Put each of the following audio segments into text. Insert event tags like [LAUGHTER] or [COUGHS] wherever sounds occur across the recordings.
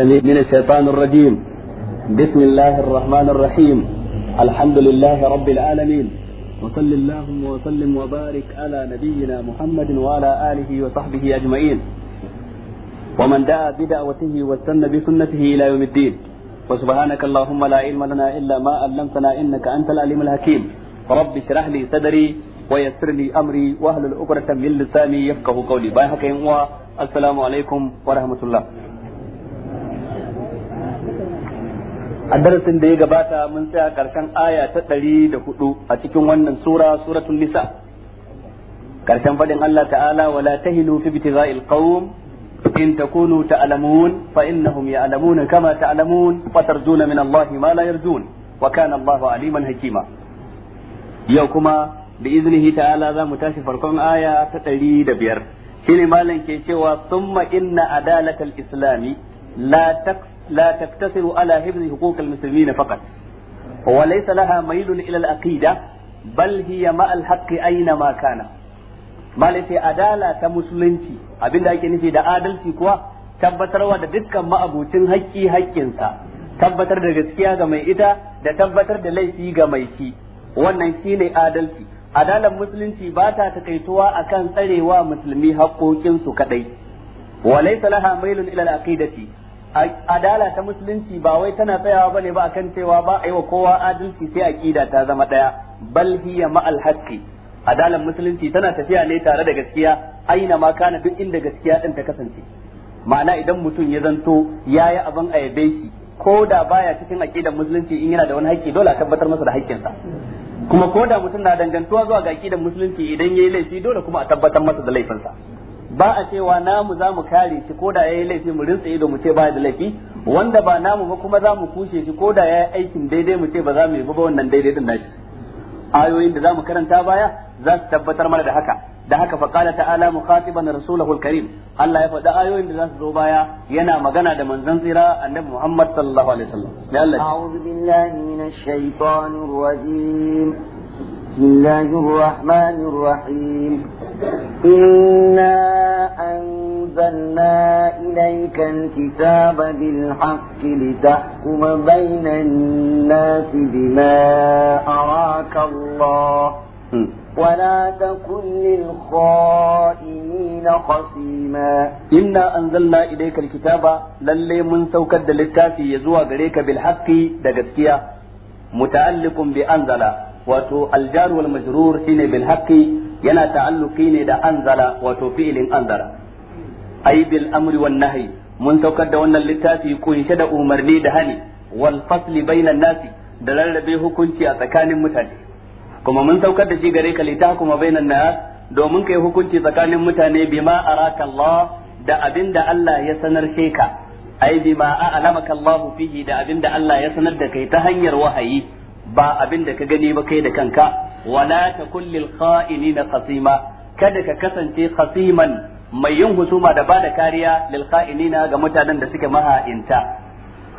من الشيطان الرجيم بسم الله الرحمن الرحيم الحمد لله رب العالمين وصل اللهم وسلم وبارك على نبينا محمد وعلى آله وصحبه أجمعين ومن دعا بدعوته واستنى بسنته إلى يوم الدين وسبحانك اللهم لا علم لنا إلا ما علمتنا إنك أنت العليم الحكيم رب اشرح لي صدري ويسر لي أمري واهل الأقرة من لساني يفقه قولي باي السلام عليكم ورحمة الله a darasin da ya gabata mun tsaya karshen aya ta ɗari da hudu a cikin wannan sura suratun nisa karshen faɗin Allah ta'ala wala tahinu fi ibtiza'il qawm in takunu ta'lamun fa innahum ya'lamuna kama ta'lamun wa tarjuna min Allah ma la yarjun wa aliman hakima yau kuma bi iznihi ta'ala zamu tashi farkon aya ta ɗari da biyar shine malam ke cewa summa inna adalatal islami la taqs لا تقتصر على حفظ حقوق المسلمين فقط وليس لها ميل إلى makana. بل هي مع الحق أينما كان ما ليس أدالة مسلمتي أبين ذلك tabbatarwa da dukkan ma'abucin hakki hakkinsa tabbatar da gaskiya ga mai ita da tabbatar da laifi ga mai shi wannan shine adalci adalar musulunci ba ta takaituwa akan tsarewa musulmi haƙoƙinsu kadai wa laysa laha mailun ila al adala ta musulunci ba wai tana tsayawa bane ba akan cewa ba a yi wa kowa adalci sai aqida ta zama daya bal hiya ma'al haqqi adalan musulunci tana tafiya ne tare da gaskiya aina ma kana duk inda gaskiya din ta kasance ma'ana idan mutum ya zanto yayi abin a yabe shi ko da baya cikin aqidar musulunci in yana da wani haƙƙi dole a tabbatar masa da haƙƙinsa kuma ko da mutum na dangantuwa zuwa ga aqidar musulunci idan yayi laifi dole kuma a tabbatar masa da laifinsa ba a cewa namu za mu kare shi ko da ya yi laifi mu rinsa ido mu ce ba da laifi wanda ba namu ba kuma za mu kushe shi ko da ya yi aikin daidai mu ce ba za mu yi ba wannan daidai din nashi ayoyin da za mu karanta baya za su tabbatar mana da haka da haka fa qala ta'ala mukhatiban rasulahu alkarim Allah ya faɗa ayoyin da za su zo baya yana magana da manzon tsira annabi Muhammad sallallahu alaihi wasallam ya Allah a'udhu billahi minash shaitanir rajim bismillahir rahmanir rahim إنا أنزلنا إليك الكتاب بالحق لتحكم بين الناس بما أراك الله ولا تكن للخائنين خصيما إنا أنزلنا إليك الكتاب للي من سوكد للتافي يزوى غريك بالحق دقسكيا متعلق بأنزل وتو الجار والمجرور سين بالحق yana ta'alluki ne da anzara wato fi'ilin anzara. ay bil amri wan nahyi mun saukar da wannan littafi kunshe da umarni da hani wal fasli bainan nasi da rarrabe hukunci a tsakanin mutane kuma mun saukar da shi gare ka litahkuma bainan nas domin kai hukunci tsakanin mutane bima araka Allah da abinda Allah ya sanar sheka ai a a'lamaka Allah fihi da abinda Allah ya sanar da kai ta hanyar wahayi ba abinda ka gani ba kai da kanka wala takul lil kha'inina khasima kada ka kasance khasiman mai yin husuma da bada kariya lil kha'inina ga mutanen da suke maha'inta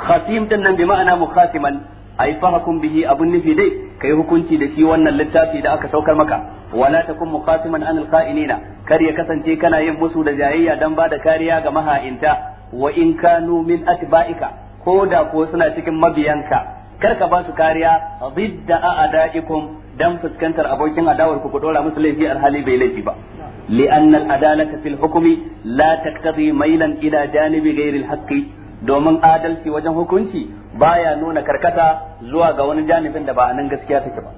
khasim din nan bi ma'ana mukhasiman ai fahakum bihi abun nufi dai kai hukunci da shi wannan littafi da aka saukar maka wala takun mukhasiman anil kha'inina kar ya kasance kana yin musu da jayayya dan bada kariya ga maha'inta wa in kanu min atba'ika ko da ko suna cikin mabiyanka kar ka ba su kariya zidda a'da'ikum dan fuskantar abokin adawar ku ku dora musu laifi alhali bai laifi ba لأن adalata fil hukumi لا mailan ميلا إلى gairi غير domin adalci wajen hukunci baya nuna karkata zuwa ga wani janibin da ba a nan gaskiya take ba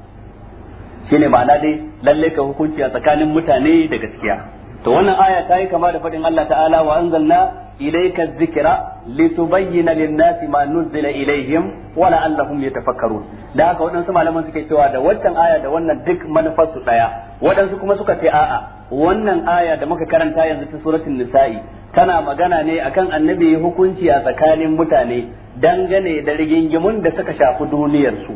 shine ma'ana dai lalle ka hukunci a tsakanin mutane da gaskiya to wannan aya ta yi kama da faɗin Allah ta'ala wa anzalna إليك الذكرى لتبين للناس ما نزل إليهم ya يتفكرون da haka waɗansu malaman suke cewa da waccan aya da wannan duk manufarsu ɗaya waɗansu kuma suka ce a'a wannan aya da muka karanta yanzu ta suratul nisa'i tana magana ne akan annabi hukunci a tsakanin mutane dangane da rigingimun da suka shafi duniyarsu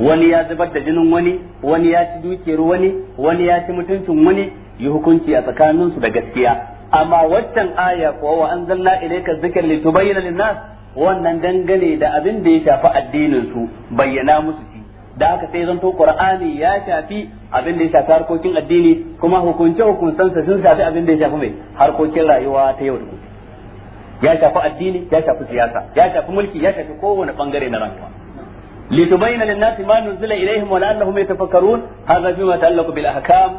wani ya zubar da jinin wani wani ya ci dukiyar wani wani ya ci mutuncin wani yi hukunci a tsakaninsu da gaskiya amma waccan aya ko wa anzalna ilayka dhikra litubayyana lin-nas wannan dangane da abin da ya shafi addinin su bayyana musu shi da haka sai zanto qur'ani ya shafi abin da ya shafi harkokin addini kuma hukunce sa sun shafi abin da ya shafi mai harkokin rayuwa ta yau da gobe ya shafi addini ya shafi siyasa ya shafi mulki ya shafi kowane bangare na rayuwa لتبين ilayhim wa la'allahum yatafakkarun hadha bima ta'allaqu bil ahkam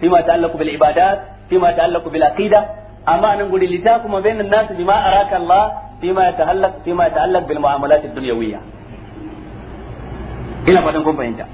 bima ta'allaqu bil ibadat فيما يتعلق بالعقيدة أما أن نقول لتاكم بين الناس بما أراك الله فيما يتعلق فيما يتعلق بالمعاملات الدنيوية إلى ما تنقوم فإنجا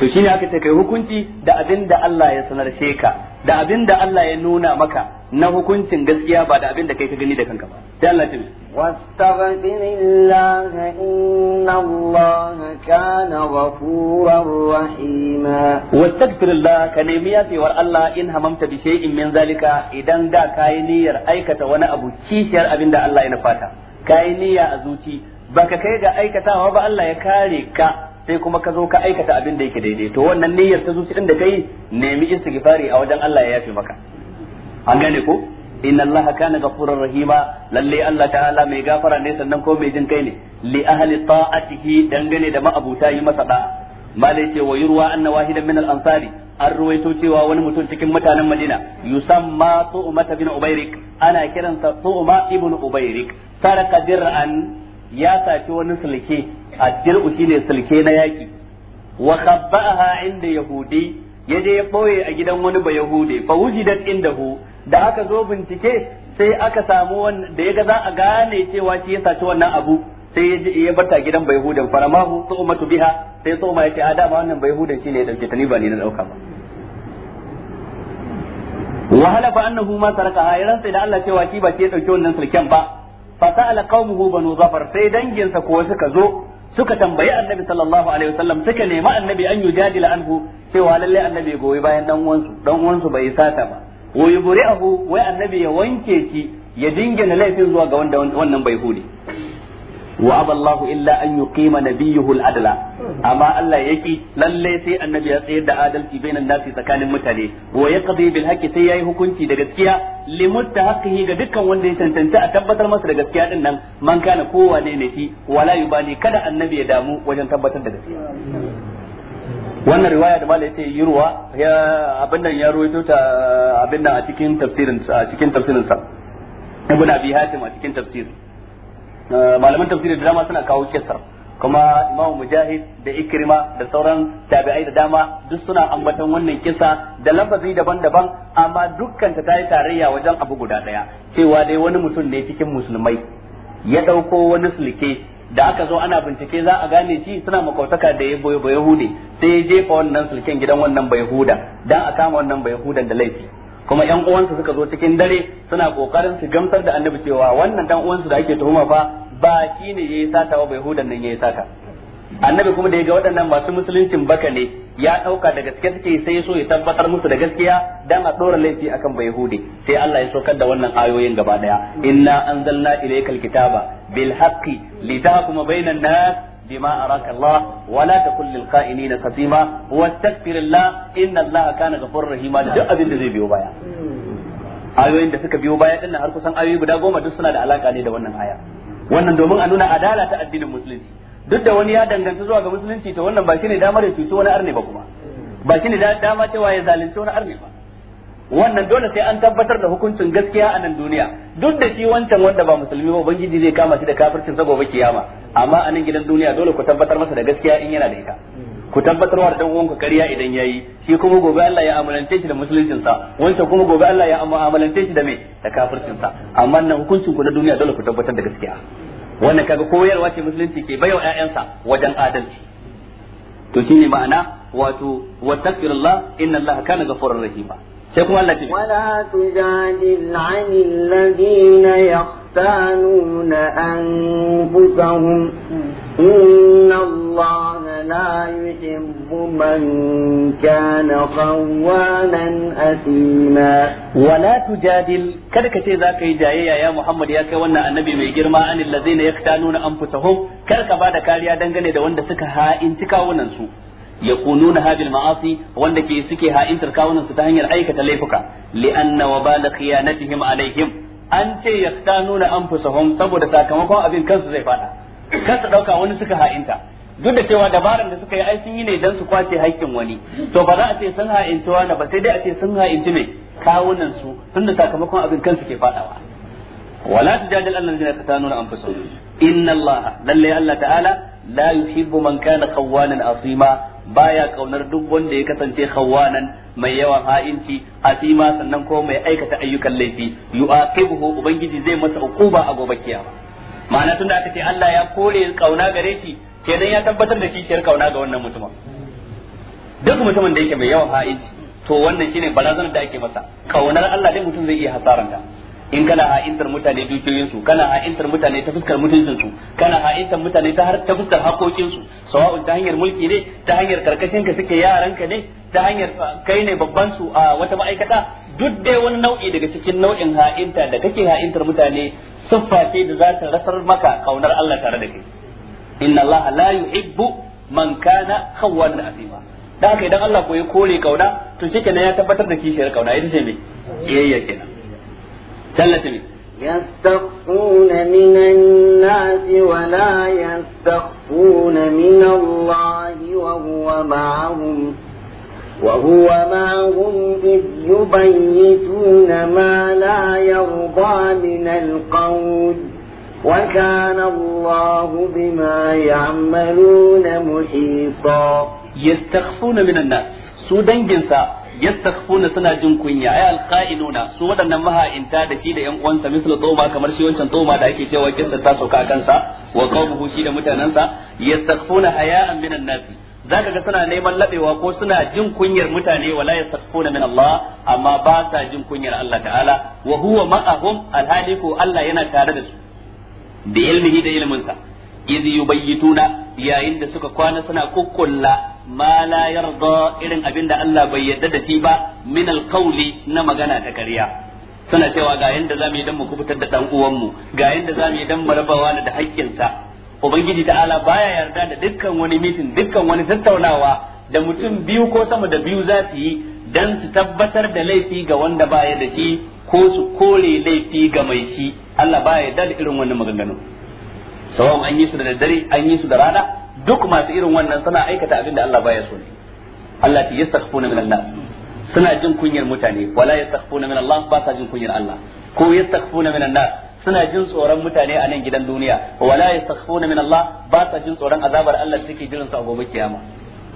to shine aka ce kai hukunci da abin da Allah ya sanar ka da abin da Allah ya nuna maka na hukuncin gaskiya ba da abin da kai ka gani da kanka ba sai Allah ce wastaghfirillaha innallaha kana ghafurur rahima wastaghfirillaha ka nemi yafewar Allah in hamamta bi shay'in min zalika idan da kai niyyar aikata wani abu kishiyar abin da Allah ya nufata kai niyya a zuci baka kai ga aikatawa ba Allah ya kare ka sai kuma ka zo ka aikata abin da yake daidai to wannan niyyar ta zuci din da kai nemi istighfari a wajen Allah ya yafi maka an gane ko inna Allah kana ghafurur rahima lalle Allah ta'ala mai gafara ne sannan ko mai jin kai ne li ahli ta'atihi dangane da ma'abuta yi masa da malai ce wa yurwa anna wahidan min al-ansari an ruwaito cewa wani mutum cikin mutanen Madina yusamma Tu'ma bin ubayrik ana kiransa Tu'ma ibn Ubairik taraka dir'an ya saci wani sulke addir'u shine sulke na yaki wa khabba'aha inda yahudi yaje ya boye a gidan wani ba yahude fa wujidat indahu da aka zo bincike sai aka samu da yaga za a gane cewa shi ya saci wannan abu sai ya je ya barta gidan bai hudan faramahu tu'matu biha sai tsoma ya ce a dama wannan ba Yahudan shine ya dauke ta ni ba ni na dauka ba wa halafa annahu ma saraka ha yaran sai da Allah cewa shi ba shi ya dauke wannan sulken ba fa sa'ala qaumuhu banu zafar sai danginsa ko suka zo suka tambayi annabi sallallahu alaihi wasallam suka nemi annabi an yujadila anhu cewa lalle annabi goyi bayan dan uwansu dan uwansu bai sata ba wa ahu wai annabi ya wanke shi ya dingina laifin zuwa ga wanda wannan bai hudi wa aballahu illa an yuqima nabiyuhu al-adla amma Allah yake lalle sai annabi ya tsayar da adalci bainan nasi tsakanin mutane wa yaqdi bil haqqi sai yayi hukunci da gaskiya limuttahaqqihi ga dukkan wanda ya tantance a tabbatar masa da gaskiya din nan man kana kowane ne shi wala yubali kada annabi ya damu wajen tabbatar da gaskiya wannan riwaya da malai yace yi ya abin nan ya ruwaito ta abin nan a cikin tafsirin a cikin tafsirin sa ibn abi hatim a cikin tafsirin malaman tafsiri da dama suna kawo kisar kuma imamu mujahid da ikrima da sauran tabi'ai da dama duk suna ambaton wannan kisa da lafazi daban-daban amma dukkan ta yi tarayya wajen abu guda daya cewa dai wani mutum ne cikin musulmai ya dauko wani sulke da aka zo ana bincike za a gane shi suna makautaka da ya boye sai ya jefa wannan sulken gidan wannan bayahuda dan a kama wannan bayahudan da laifi kuma yan uwansa suka zo cikin dare suna kokarin su gamsar da annabi cewa wannan dan uwansu da ake tuhuma fa ba shi ne yayi sata ba yahudan nan yi sata annabi kuma da ya ga waɗannan masu musuluncin baka ne ya ɗauka da gaske suke sai ya so ya tabbatar musu da gaskiya dan a ɗora laifi akan bai hude sai Allah ya saukar da wannan ayoyin gaba ɗaya inna anzalna ilaykal kitaba bil haqqi litahkuma bainan nas بما أراك الله ولا تكن للخائنين خصيما واستغفر الله إن الله كان غفورا رحيما duk abin da zai biyo baya ayoyin da suka biyo baya dinnan har kusan ayoyi guda goma duk suna da alaka ne da wannan aya wannan domin a nuna adala ta addinin musulunci duk da wani ya danganta zuwa ga musulunci to wannan ba shine damar ya cuci wani arne ba kuma ba shine dama cewa ya zalunci wani arne ba wannan dole sai an tabbatar da hukuncin gaskiya a nan duniya duk da shi wancan wanda ba musulmi ba ubangiji zai kama shi da kafircin saboda kiyama amma a nan gidan duniya dole ku tabbatar masa da gaskiya in yana da ita ku tabbatarwa da dan uwanku ƙarya idan yayi shi kuma gobe Allah ya amalance shi da musuluncin sa wancan kuma gobe Allah ya amalance shi da me da kafircin sa amma nan hukuncin ku na duniya dole ku tabbatar da gaskiya wannan kaga koyarwa ce musulunci ke bayo ƴaƴansa wajen adalci to shine ma'ana wato wattaqillah inna Allah kana ghafurur rahima sai kuma Allah ce wala tujadil 'anil ladina yaq يختانون أنفسهم إن الله لا يحب من كان خوانا أثيما ولا تجادل كذلك ذاك جاية يا محمد يا كوانا النبي من جرما عن الذين يختانون أنفسهم كذلك بعد كاليا دنجل دوان دسكها انتكا وننسو يقولون هذه المعاصي وانك يسكي ها انتر كاونا ستهنجل أيكة ليفك لأن وبال خيانتهم عليهم an ce ya ta yaqtanuna anfusahum saboda sakamakon abin kansu zai fada kansu dauka wani suka ha'inta duk da cewa dabaran da suka yi ai sun yi ne dan su kwace haƙƙin wani to ba za a ce sun ha'inci wani ba sai dai a ce sun ha'inci mai kawunan su tunda sakamakon abin kansu ke fadawa wala tujadil allazina qatanuna anfusahum inna allaha lalle allah ta'ala la yuhibbu man kana khawwanan asima baya kaunar duk wanda ya kasance khawanan mai yawan ha'inci asima sannan ko mai aikata ayyukan laifi yu'aqibuhu ubangiji zai masa ba a gobe kiyama ma'ana tunda aka ce Allah ya kore kauna gare shi kenan ya tabbatar da kishiyar kauna ga wannan mutumin duk mutumin da yake mai yawan ha'inci to wannan shine barazanar da ake masa kaunar Allah dai mutum zai iya hasaranta in kana ha'intar mutane dukiyoyin kana ha'intar mutane ta fuskar mutuncin su kana ha'intar mutane ta ta fuskar haƙoƙin su sawa'un ta hanyar mulki ne ta hanyar karkashin ka suke yaran ka ne ta hanyar ah, kai ne babban su a wata ma'aikata duk dai wani nau'i daga cikin nau'in ha'inta da kake ha'intar mutane siffa ce da za ta rasar maka kaunar Allah tare da kai inna Allah la yuhibbu man kana khawwan asima da haka idan Allah koyi kore kauna to shikenan ya tabbatar da kishiyar kauna ita ce me tallata يستخفون من الناس ولا يستخفون من الله وهو معهم وهو معهم إذ يبيتون ما لا يرضى من القول وكان الله بما يعملون محيطا يستخفون من الناس سودان جنسا yastakhfuna suna jin kunya ay alkha'inuna su waɗannan maha'inta da shi da yan uwansa mislu tsoma kamar shi wancan tsoma da ake cewa kissa ta sauka kansa wa qawmuhu shi da mutanansa yastakhfuna haya'an minan nasi zaka ga suna neman laɓewa ko suna jin kunyar mutane wala yasakuna min Allah amma ba sa jin kunyar Allah ta'ala wa huwa ma'ahum alhali ko Allah yana tare da su bi ilmihi da ilmin sa iz yubayituna yayin da suka kwana suna kukkulla ma la yarda irin abinda Allah bai yarda da shi ba min alqauli na magana ta kariya. suna cewa ga yanda zamu yi dan mu kubutar da dan uwan mu ga yanda zamu yi dan mu rabawa da sa ubangiji ala baya yarda da dukkan wani mitin dukkan wani tattaunawa da mutum biyu ko sama da biyu za su yi dan su tabbatar da laifi ga wanda baya da shi ko su kore laifi ga mai shi Allah baya yarda da irin wannan maganganu sawan an yi su da daddare an yi su da rana duk masu irin wannan suna aikata abin da Allah baya so ne Allah ta yastakhfuna min Allah suna jin kunyar mutane wala yastakhfuna min Allah ba sa jin kunyar Allah ko yastakhfuna min Allah suna jin tsoron mutane a nan gidan duniya wala yastakhfuna min Allah ba sa jin tsoron azabar Allah take jiran su a gobe kiyama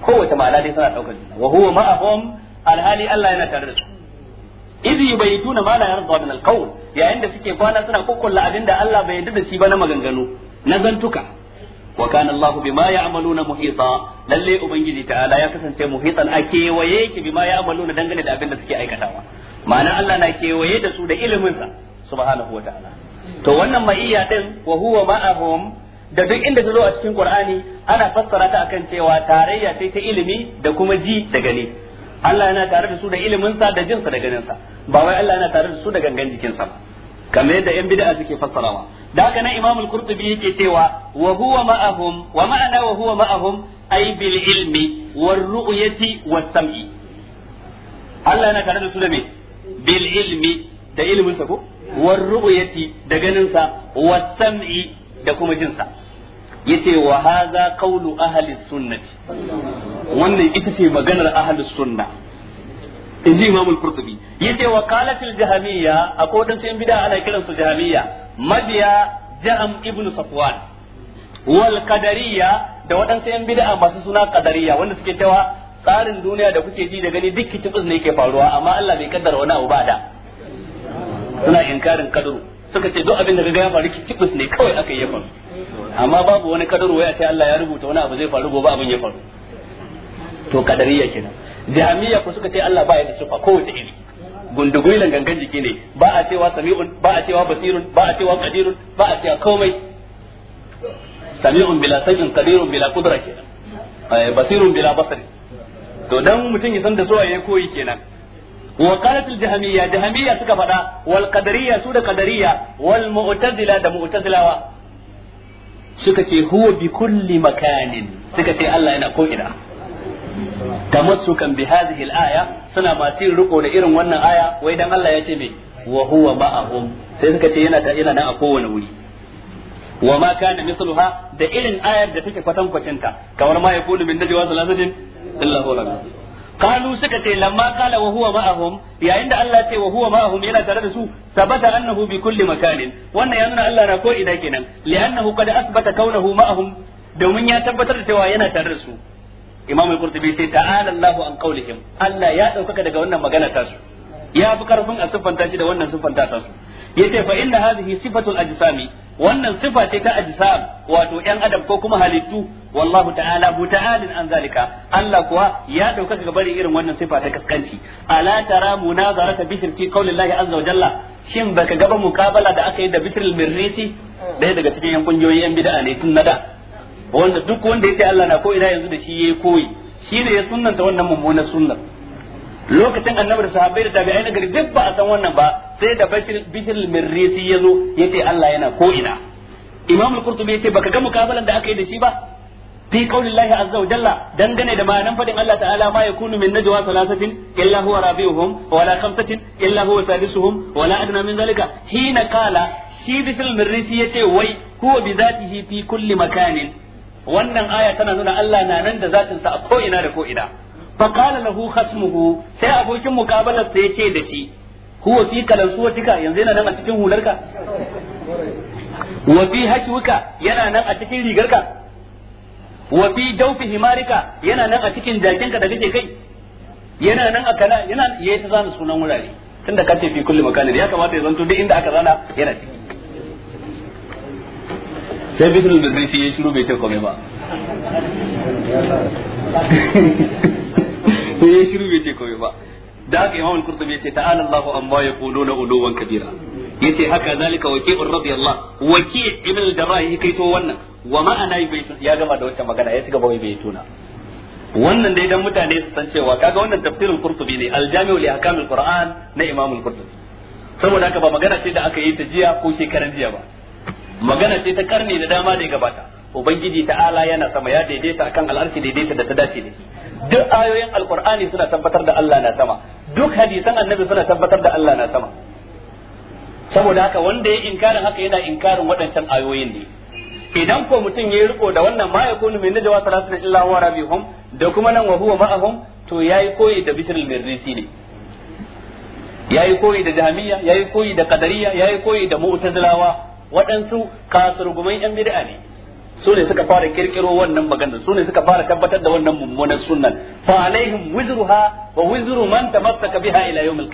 kowace ma'ana dai suna daukar wa huwa ma'ahum alhali Allah yana tare da su idh yubayituna ma la yarda min alqawl yayin da suke kwana suna kokkulla abinda Allah bai yarda da shi ba na maganganu na zantuka wa kana Allahu bima ya'maluna muhita lalle ubangiji ta'ala ya kasance muhitan a kewaye yake bima ya'maluna dangane da abin da suke aikatawa ma'ana Allah na kewaye da su da iliminsa sa subhanahu wata'ala to wannan ma'iyya din wa huwa da duk inda ta zo a cikin Qur'ani ana fassara ta akan cewa tarayya sai ta ilimi da kuma ji da gani Allah yana tare da su da ilimin da jinsa da ganinsa sa ba wai Allah yana tare da su da gangan jikin sa ba kamar yadda yan bid'a suke fassarawa da haka nan imam al-qurtubi yake cewa wa huwa ma'ahum wa ma'ana wa huwa ma'ahum ay bil ilmi war ru'yati was sam'i Allah yana tare da su da me bil ilmi da ilmin sa ko war ru'yati da ganin sa was sam'i da kuma jin sa yace wa hadha qawlu ahli sunnati wannan ita ce maganar ahli sunna in ji imamul qurtubi yace wa qalatil jahamiyya akwai wadansu yan bid'a ana kiransu jahamiyya mabiya ja'am ibnu safwan wal qadariyya da wadansu yan bid'a masu suna qadariyya wanda suke cewa tsarin duniya da kuke ji da gani duk kitibus ne ke faruwa amma Allah bai kaddara wani abu ba da suna inkarin kadaru suka ce duk abin da kaga ya faru kitibus ne kawai aka yi faru amma babu wani kadaru waya sai ce Allah ya rubuta wani abu zai faru gobe abin ya faru to kadariya kenan jami'a ku suka ce Allah ba ya da sifa kowace iri gundugulan gangan jiki ne ba a cewa sami'un ba a cewa basirun ba a cewa qadirun ba a cewa komai sami'un bila sajin qadirun bila qudra kenan eh, basirun bila basari to dan mutum ya san da so ya koyi kenan wa qalat al jahmiyya jahmiyya suka fada wal qadariyya su da qadariyya wal mu'tazila da mu'tazilawa suka ce huwa bi kulli makanin suka ce Allah yana ko ina tamassukan bi hadhihi al-aya suna masu riko da irin wannan aya wai dan Allah ya ce me wa huwa ma'ahum sai suka ce yana yana nan a kowane wuri wa ma kana misluha da irin ayar da take kwatan kwacinta kamar ma yakunu min najwa salasatin illa huwa yayin da Allah لما قال وهو معهم يا عند الله تي وهو معهم يلا ترى سو ثبت انه بكل مكان وان ينرى الله راكو اذا كنا لانه قد اثبت كونه معهم domin ya tabbatar da cewa yana tare da su imam al-qurtubi sai ta'ala Allahu an qaulihim Allah ya daukaka daga wannan magana ta su ya fi karfin a siffanta shi da wannan siffanta ta su yace fa inna hadhihi sifatul ajsami wannan sifa ce ta ajsam wato yan adam ko kuma halittu wallahu ta'ala muta'alin an zalika Allah kuwa ya ɗaukaka ga bari irin wannan sifa ta kaskanci ala tara munazarata bishr fi qaulillahi azza wa jalla shin baka gaba mukabala da aka yi da bishr al daya daga cikin yan kungiyoyin yan bid'a ne tun nada wanda duk wanda yace Allah na ko ina yanzu da shi yayi koyi shi ne ya sunnanta wannan mummunar sunnar lokacin annabi da sahabbai da tabi'ai na gari duk ba a san wannan ba sai da bashir bishir mirrisi ya zo yace Allah yana ko ina imam al-qurtubi yace baka ga mukabalan da aka yi da shi ba fi qaulillahi azza wa jalla dangane da ma'anan fadin Allah ta'ala ma yakunu min najwa salasatin illa huwa rabi'uhum wa la khamsatin illa huwa sadisuhum wa la adna min zalika hina qala shi bishir mirrisi yace wai huwa bi zatihi fi kulli makanin wannan aya tana nuna Allah na nan da zatin sa a ko ina da ko ina fa qala lahu khasmuhu sai abokin mukabalar sa yace da shi huwa fi tika yanzu yana nan a cikin hularka wa fi hashuka yana nan a cikin rigarka wa fi jawfi himarika yana nan a cikin jakinka da kake kai yana nan a kana yana yayi ta zana sunan wurare tunda kace fi kulli makanin ya kamata ya zanto duk inda aka zana yana ciki sai bitrus da zai ya shiru bai ce komai ba [LAUGHS] to ya shiru bai ce komai ba da aka imam kurdum ya ce ta'ala Allahu amma yaquluna uluwan kabira yace haka zalika waki'ur radiyallahu waki' ibn al-jarrah yake to wannan wa ma'ana bai ya gama da wancan magana ya ci gaba bai tuna wannan dai dan mutane su san cewa kaga wannan tafsirin qurtubi ne al-jami'u li ahkamil qur'an na imam al saboda haka ba magana sai da aka yi ta jiya ko shekaran jiya ba magana ce ta karni da dama da ya gabata ubangiji ta'ala yana sama ya daidaita akan al'arki daidaita da ta dace da shi duk ayoyin alkur'ani suna tabbatar da Allah na sama duk hadisan annabi suna tabbatar da Allah na sama saboda haka wanda ya inkarin haka yana inkarin waɗancan ayoyin ne idan ko mutum ya riko da wannan ma ya kunu min najwa salatun illa wa rabihum da kuma nan wa huwa ma'ahum to yayi koyi da mai mirrisi ne yayi koyi da jahmiya yayi koyi da qadariyya yayi koyi da mu'tazilawa waɗansu kasurgumai yan bid'a ne su ne suka fara kirkiro wannan maganar su ne suka fara tabbatar da wannan mummunan sunan. fa alaihim wizruha wa wizru man tamassaka biha ila yawm al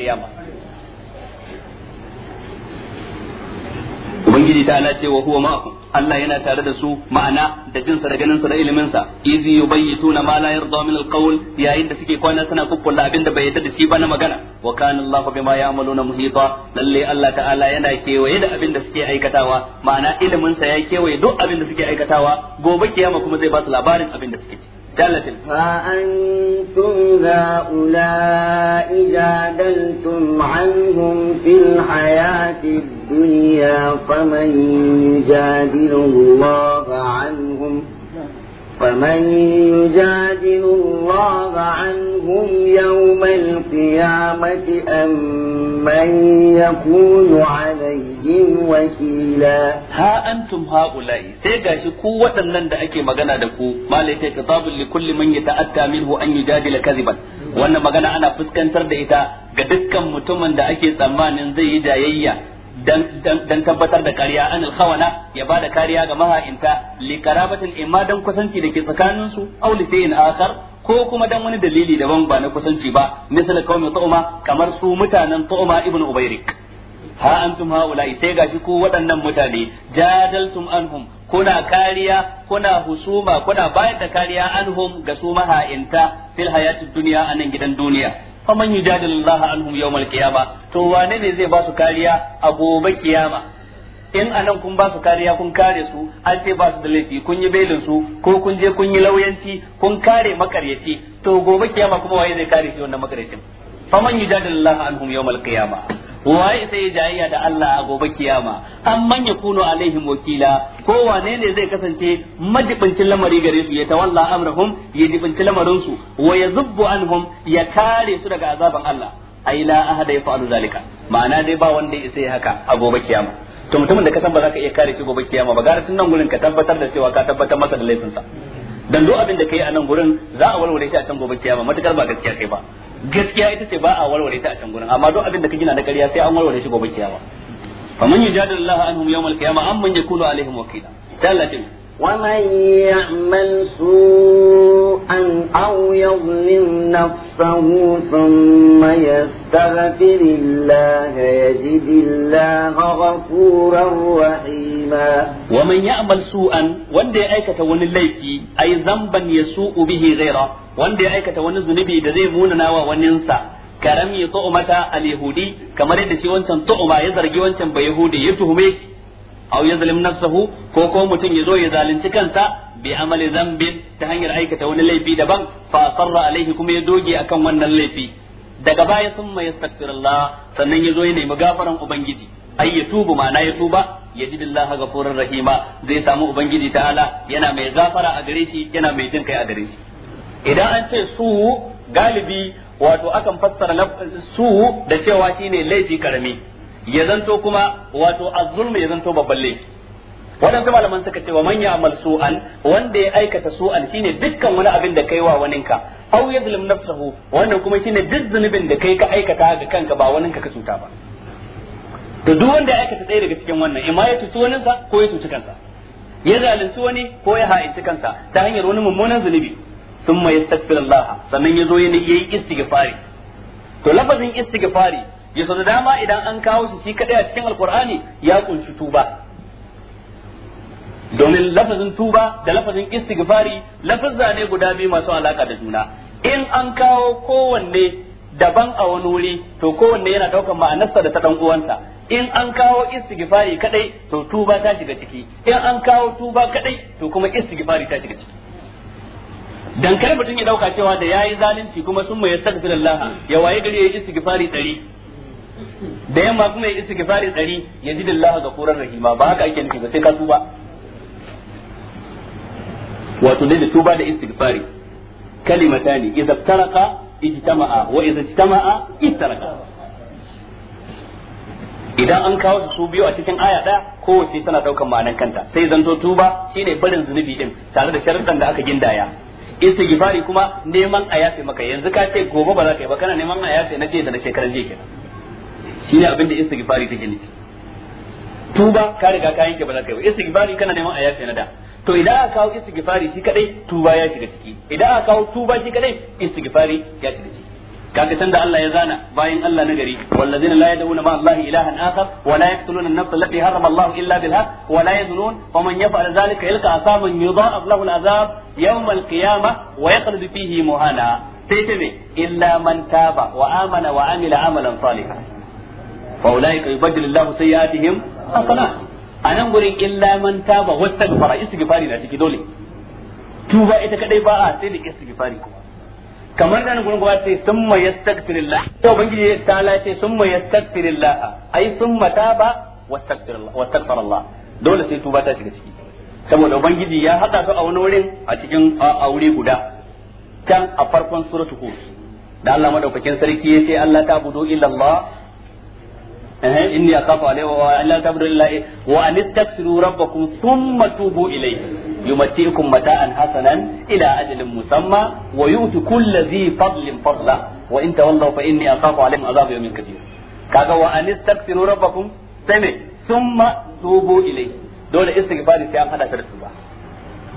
ubangiji ta ce wa huwa ma'akum Allah yana tare da su ma'ana da jinsa da ganinsa da iliminsa izi yubayyituna ma la yarda min alqawl yayin da suke kwana suna kukkulla abin da bai yarda da shi ba na magana wa kana Allah bima ya'maluna muhita lalle Allah ta'ala yana kewaye da abin da suke aikatawa ma'ana iliminsa ya kewaye duk abin da suke aikatawa gobe kiyama kuma zai ba su labarin abin da suke ci دلت فأنتم هؤلاء جادلتم عنهم في الحياة الدنيا فمن يجادل الله عنهم ۖ فمن يجادل الله عنهم يوم القيامة أم من يكون عليهم وكيلا ها أنتم هؤلاء سيقاش قوة لند أكي مغانا دكو ما ليتي خطاب لكل من يتأتى منه أن يجادل كذبا وأن مغانا أنا فسكن تردئتا ga dukkan mutumin da ake tsammanin zai yi jayayya dan tabbatar da kariya an alkhawana ya bada kariya ga maha'inta li karabatin imma dan kusanci da ke tsakanin su aw li shay'in akhar ko kuma dan wani dalili daban ba na kusanci ba misal qaumi tu'ma kamar su mutanen tu'ma ibnu ubayrik ha antum haula sai gashi ku waɗannan mutane jadaltum anhum kuna kariya kuna husuma kuna bayar da kariya anhum ga su maha'inta fil hayatid dunya anan gidan duniya fa man yujadilu Allah anhum yawmal qiyamah to wane ne zai ba su kariya a gobe kiyama in anan kun ba su kariya kun kare su an ce ba su da laifi kun yi bailin su ko kun je kun yi lauyanci kun kare makaryaci to gobe kiyama kuma waye zai kare shi wannan makaryacin faman yujadilu Allah anhum yawmal qiyamah waye sai jayayya da Allah a gobe kiyama an manya kuno alaihim wakila ko wane ne zai kasance majibincin lamari gare su ya tawalla amrahum ya jibinci lamarin su wa yazubbu anhum ya kare su daga azaban Allah ai la ahada yaf'alu zalika ma'ana dai ba wanda ya sai haka a gobe kiyama to mutumin da ka san ba za ka iya kare shi gobe kiyama ba gara nan gurin ka tabbatar da cewa ka tabbatar masa da laifinsa dan duk abin da kai a nan gurin za a warware shi a can gobe kiyama matakar ba gaskiya kai ba gaskiya ita ce ba a warware ta a can gurin amma duk abin da kai gina na ƙarya sai an warware shi gobe kiyama faman yujadilu Allah anhum yawmal qiyamah amman yakunu alaihim wakila ta Allah ومن يعمل سوءا أو يظلم نفسه ثم يستغفر الله يجد الله غفورا رحيما ومن يعمل سوءا وندي أيكة ونليكي أي ذنبا يسوء به غيره وندي أيكة ونزنبي دزيموننا وننسى كرمي طعمة اليهودي كما رأيت شي وانشان طعمة يزرقي وانشان بيهودي يتهميك aw yazlim nafsahu ko ko mutum yazo ya zalunci kansa bi amali dhanbin ta hanyar aikata wani laifi daban fa sarra alaihi kuma ya doge akan wannan laifi daga baya sun mai yastaghfirullah sannan yazo ya nemi gafaran ubangiji ay yatubu ma'ana ya tuba yajidu ga ghafurur rahima zai samu ubangiji ta'ala yana mai gafara a gare shi yana mai jin kai a gare shi idan an ce su galibi wato akan fassara su da cewa shine laifi karami ya zanto kuma wato Azulma ya zanto babban laifi wadansu malaman suka ce wa manya amal su'an wanda ya aikata su'an shine dukkan wani abin da kai wa waninka aw yadlim nafsahu wannan kuma shine duk zunubin da kai ka aikata ga kanka ba waninka ka cuta ba to duk wanda ya aikata ɗaya daga cikin wannan imma ya cuci waninsa ko ya cuci kansa ya zalunci wani ko ya ha'inci kansa ta hanyar wani mummunan zunubi thumma yastaghfirullah sannan ya yazo ya yi istighfari to lafazin istighfari bisa da dama idan an kawo shi shi kadai a cikin alkur'ani ya kunshi tuba domin lafazin tuba da lafazin istighfari lafazza ne guda biyu masu alaka da juna in an kawo kowanne daban a wani wuri to kowanne yana daukan ma'anarsa da ta dan uwansa in an kawo istighfari kadai to tuba ta shiga ciki in an kawo tuba kadai to kuma istighfari ta shiga ciki dan kar mutum ya dauka cewa da yayi zalunci kuma sun mai yastaghfirullah ya waye gari ya istighfari dari da yamma kuma ya tsari ya ji dari ga kuran rahima ba haka ake nufi ba sai ka tuba wato dai da tuba da istighfari kalimatani idza taraka ijtama'a wa idza ijtama'a iftaraka idan an kawo su biyu a cikin aya ɗaya kowace tana ɗaukar ma'anan kanta sai zanto tuba shine barin zunubi din tare da sharuɗan da aka gindaya istighfari kuma neman a yafe maka yanzu ka ce gobe ba za ka yi ba kana neman a yafe na ce da na shekaran jiya kenan shine abin da istighfari take nufi tuba ka riga ka yanke ba za ka yi ba istighfari kana neman a yafe na da to idan aka kawo istighfari shi kadai tuba ya shiga ciki idan aka kawo tuba shi kadai istighfari ya shiga ciki kaga tanda Allah ya zana bayan Allah na gari wallazina la yad'una ma Allah ilahan akhar wa la yaqtuluna an-nafs allati harrama Allah illa bil haqq wa la yazunun wa man yaf'al dhalika yalqa asaban yudha'af lahu al-azab yawm al-qiyamah wa yakhlud fihi muhana sai ta me illa man taba wa amana wa amila amalan salihan fa ulai ka yubaddilu Allahu sayyi'atihim hasanat anan gurin illa man taba wastaghfara istighfari na ciki dole tuba ita kadai ba a sai da istighfari kamar nan gurin gaba sai summa yastaghfirullah to ubangiji ta Allah sai summa yastaghfirullah dole sai tuba ta ciki saboda ubangiji ya haɗa su a wani wurin a cikin aure guda can a farkon suratu hud da Allah madaukakin sarki ya ce Allah ta budo illallah. eh inni akafu alaihi wa alla tabdu lillahi wa an istaghfiru rabbakum thumma tubu ilayhi yumati'ukum mata'an hasanan ila ajalin musamma wa yu'ti kulli dhi fadlin fadla wa in tawallaw fa inni akafu alaihim azab yawmin kadir kaga wa an istaghfiru rabbakum sai thumma tubu ilayhi dole istighfari sai an hada ta da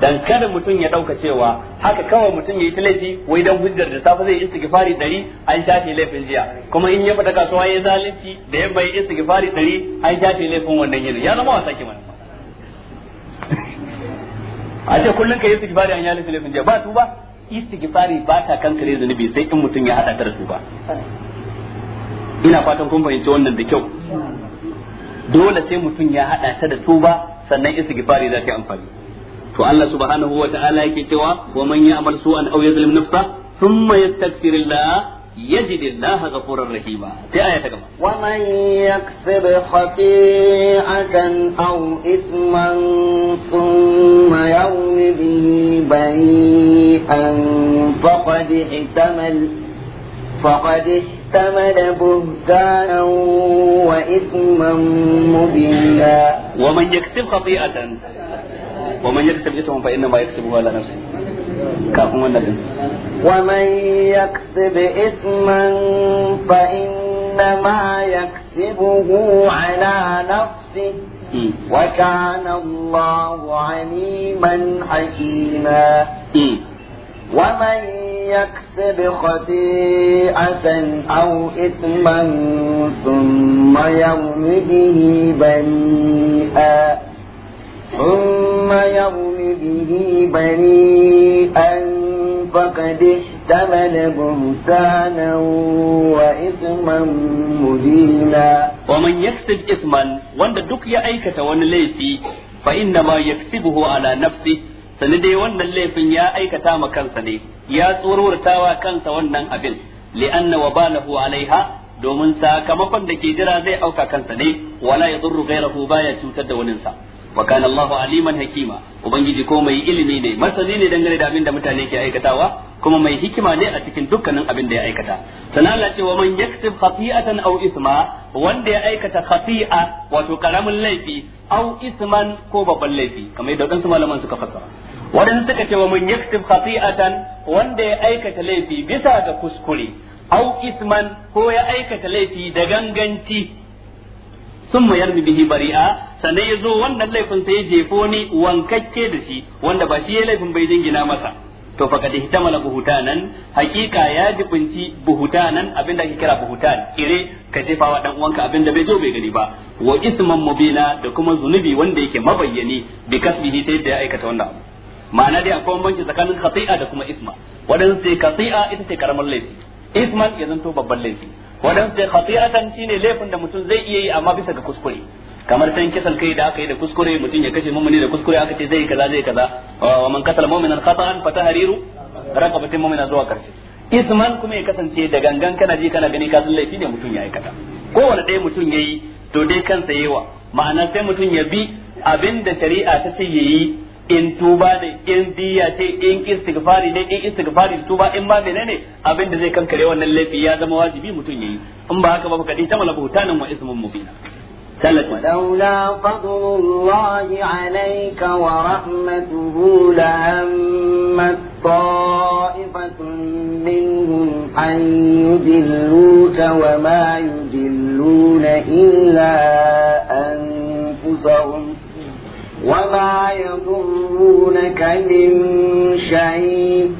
dan kada mutum ya dauka cewa haka kawai mutum yayi talafi wai dan hujjar da safa zai istighfari dari an shafe laifin jiya kuma in ya fita kasuwa ya zalunci da yamma ya istighfari dari an shafe laifin wannan yini ya zama wasa ke mana a ce kullun kai istighfari an ya laifin jiya ba tuba istighfari ba ta kankare zanubi sai in mutum ya hada ta tuba ina fatan kun fahimci wannan da kyau dole sai mutum ya hada ta da tuba sannan istighfari za ta yi amfani to Allah subhanahu wa ta'ala yake cewa wa man ya'mal su'an aw yazlim nafsa thumma yastaghfirillah yajid Allah ghafurar rahima sai aya ta gaba wa man yaksib khati'atan aw isman thumma yawmi bihi bai'an faqad ihtamal faqad ihtamal buhtan wa isman mubina wa man yaksib khati'atan wa man yaktab isman fa inna ma yaktubuhu ala nafsi kafin wannan din wa man yaksib isman fa inna ma yaktubuhu ala nafsi وكان الله عليما حكيما ومن يكسب خطيئة أو إثما ثم يرم به بريئا ثم يرمي به بريئا فقد احتمل بهتانا وإثما مبينا ومن يكسب إثما وند دك يا أيكة ونليسي فإنما يكسبه على نفسه sani dai wannan laifin ya aikata ma kansa ne ya tsororatawa kansa wannan abin li'anna wabalahu alaiha domin sakamakon da ke jira zai auka kansa ne wala yadurru ghairahu baya cutar da waninsa Bakanallahu kana aliman hakima ubangiji ko mai ilimi ne masani ne dangane da abin da mutane ke aikatawa kuma mai hikima ne a cikin dukkanin abin da ya aikata sana Allah ce wa man yaksib khati'atan aw isma wanda ya aikata khati'a wato karamin laifi aw isman ko babban laifi kamar yadda wadansu malaman suka fassara wadansu suka ce wa man yaksib khati'atan wanda ya aikata laifi bisa ga kuskure aw isman ko ya aikata laifi da ganganci Sun mayar mi bihi bari'a sannan ya zo wannan laifin sai ya jefo ni wankakke da shi wanda ba shi ya laifin bai jingina masa to fa faqad buhuta buhutanan hakika ya jibinci buhutanan abinda ake kira buhutan kire ka jefa wa dan uwanka abinda bai zo bai gani ba wa isman mubina da kuma zunubi wanda yake mabayyani bi kasbihi ta yadda ya aikata wannan abu ma'ana dai akwai banki tsakanin khati'a da kuma isma wadansu sai khati'a ita ce karamar laifi isman ya zanto babban laifi wadan sai khatiratan shine laifin da mutum zai iya yi amma bisa ga kuskure kamar san kisan kai da aka yi da kuskure mutum ya kashe mumuni da kuskure aka ce zai kaza zai kaza wa man kasala mu'minan khata'an fa tahriru raqabatin mu'mina zuwa karshe isman kuma ya kasance da gangan kana ji kana gani ka san laifi ne mutum ya aikata kowane ɗaya mutum yayi to dai kansa yawa ma'ana sai mutum ya bi abin da shari'a ta ce yayi in tuba ne in diya ce in istighfari ne in istighfari tuba in ba menene abin da zai kankare wannan laifi ya zama wajibi mutum yayi in ba haka ba ku kadi ta mala buhtanan wa ismun mubina ولولا فضل الله عليك ورحمته لهمت طائفة منهم أن يدلوك وما يدلون إلا أنفسهم وما يضرونك من شيء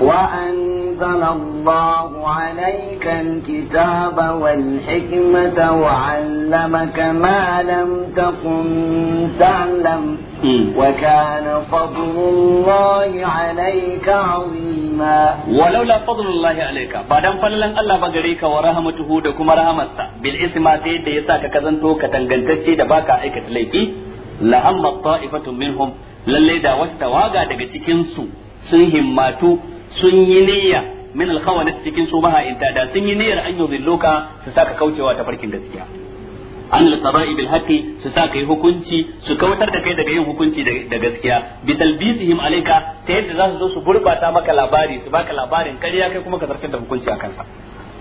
وأنزل الله عليك الكتاب والحكمة وعلمك ما لم تكن تعلم وكان فضل الله عليك عظيما ولولا فضل الله عليك بعد أن فلن الله بغريك ورحمته دكما رحمتك بالإسمات ديساك كزنتو كتنغنتك دباك أيكت ليكي la amma ta'ifatun minhum lalle da wata tawaga daga cikin su sun himmatu sun yi niyya min alkhawanat cikin su maha'inta da sun yi niyyar an loka su saka kaucewa ta farkin gaskiya an al-qada'i bil haqqi su saka yi hukunci su kautar da kai daga yin hukunci da gaskiya bi talbisihim alayka ta yadda za su zo su burbata maka labari su baka labarin karya kai kuma ka zartar da hukunci a kansa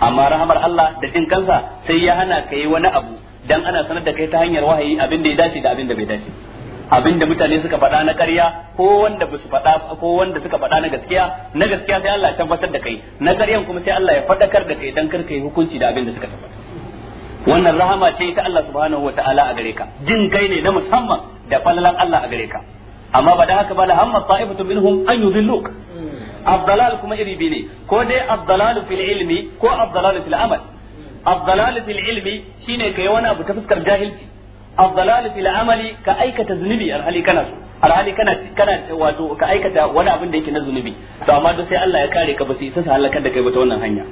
amma rahamar Allah da jin kansa sai ya hana ka yi wani abu dan ana sanar da kai ta hanyar wahayi abin da ya dace da abin da bai dace abin da mutane suka faɗa na ƙarya ko wanda ba su faɗa ko wanda suka faɗa na gaskiya na gaskiya sai Allah ya tabbatar da kai na ƙaryan kuma sai Allah ya faɗakar da kai dan kar kai hukunci da abin da suka tabbata wannan rahama ce ta Allah subhanahu wataala a gare ka jin kai ne na musamman da falalan Allah a gare ka amma ba da haka ba la hamma ta'ifatu minhum an yudilluk hmm. abdalal kuma iri bi ne ko dai abdalal fil ilmi ko abdalal fil amal الضلال في العلم شيني wani وانا ابو تفسكر جاهلتي الضلال في العمل كأيكة ذنبي الحالي كان alhali kana kana wato ka aikata wani abin da yake na zunubi to sai Allah ya kare ka ba isa su halakar da kai ba ta wannan hanya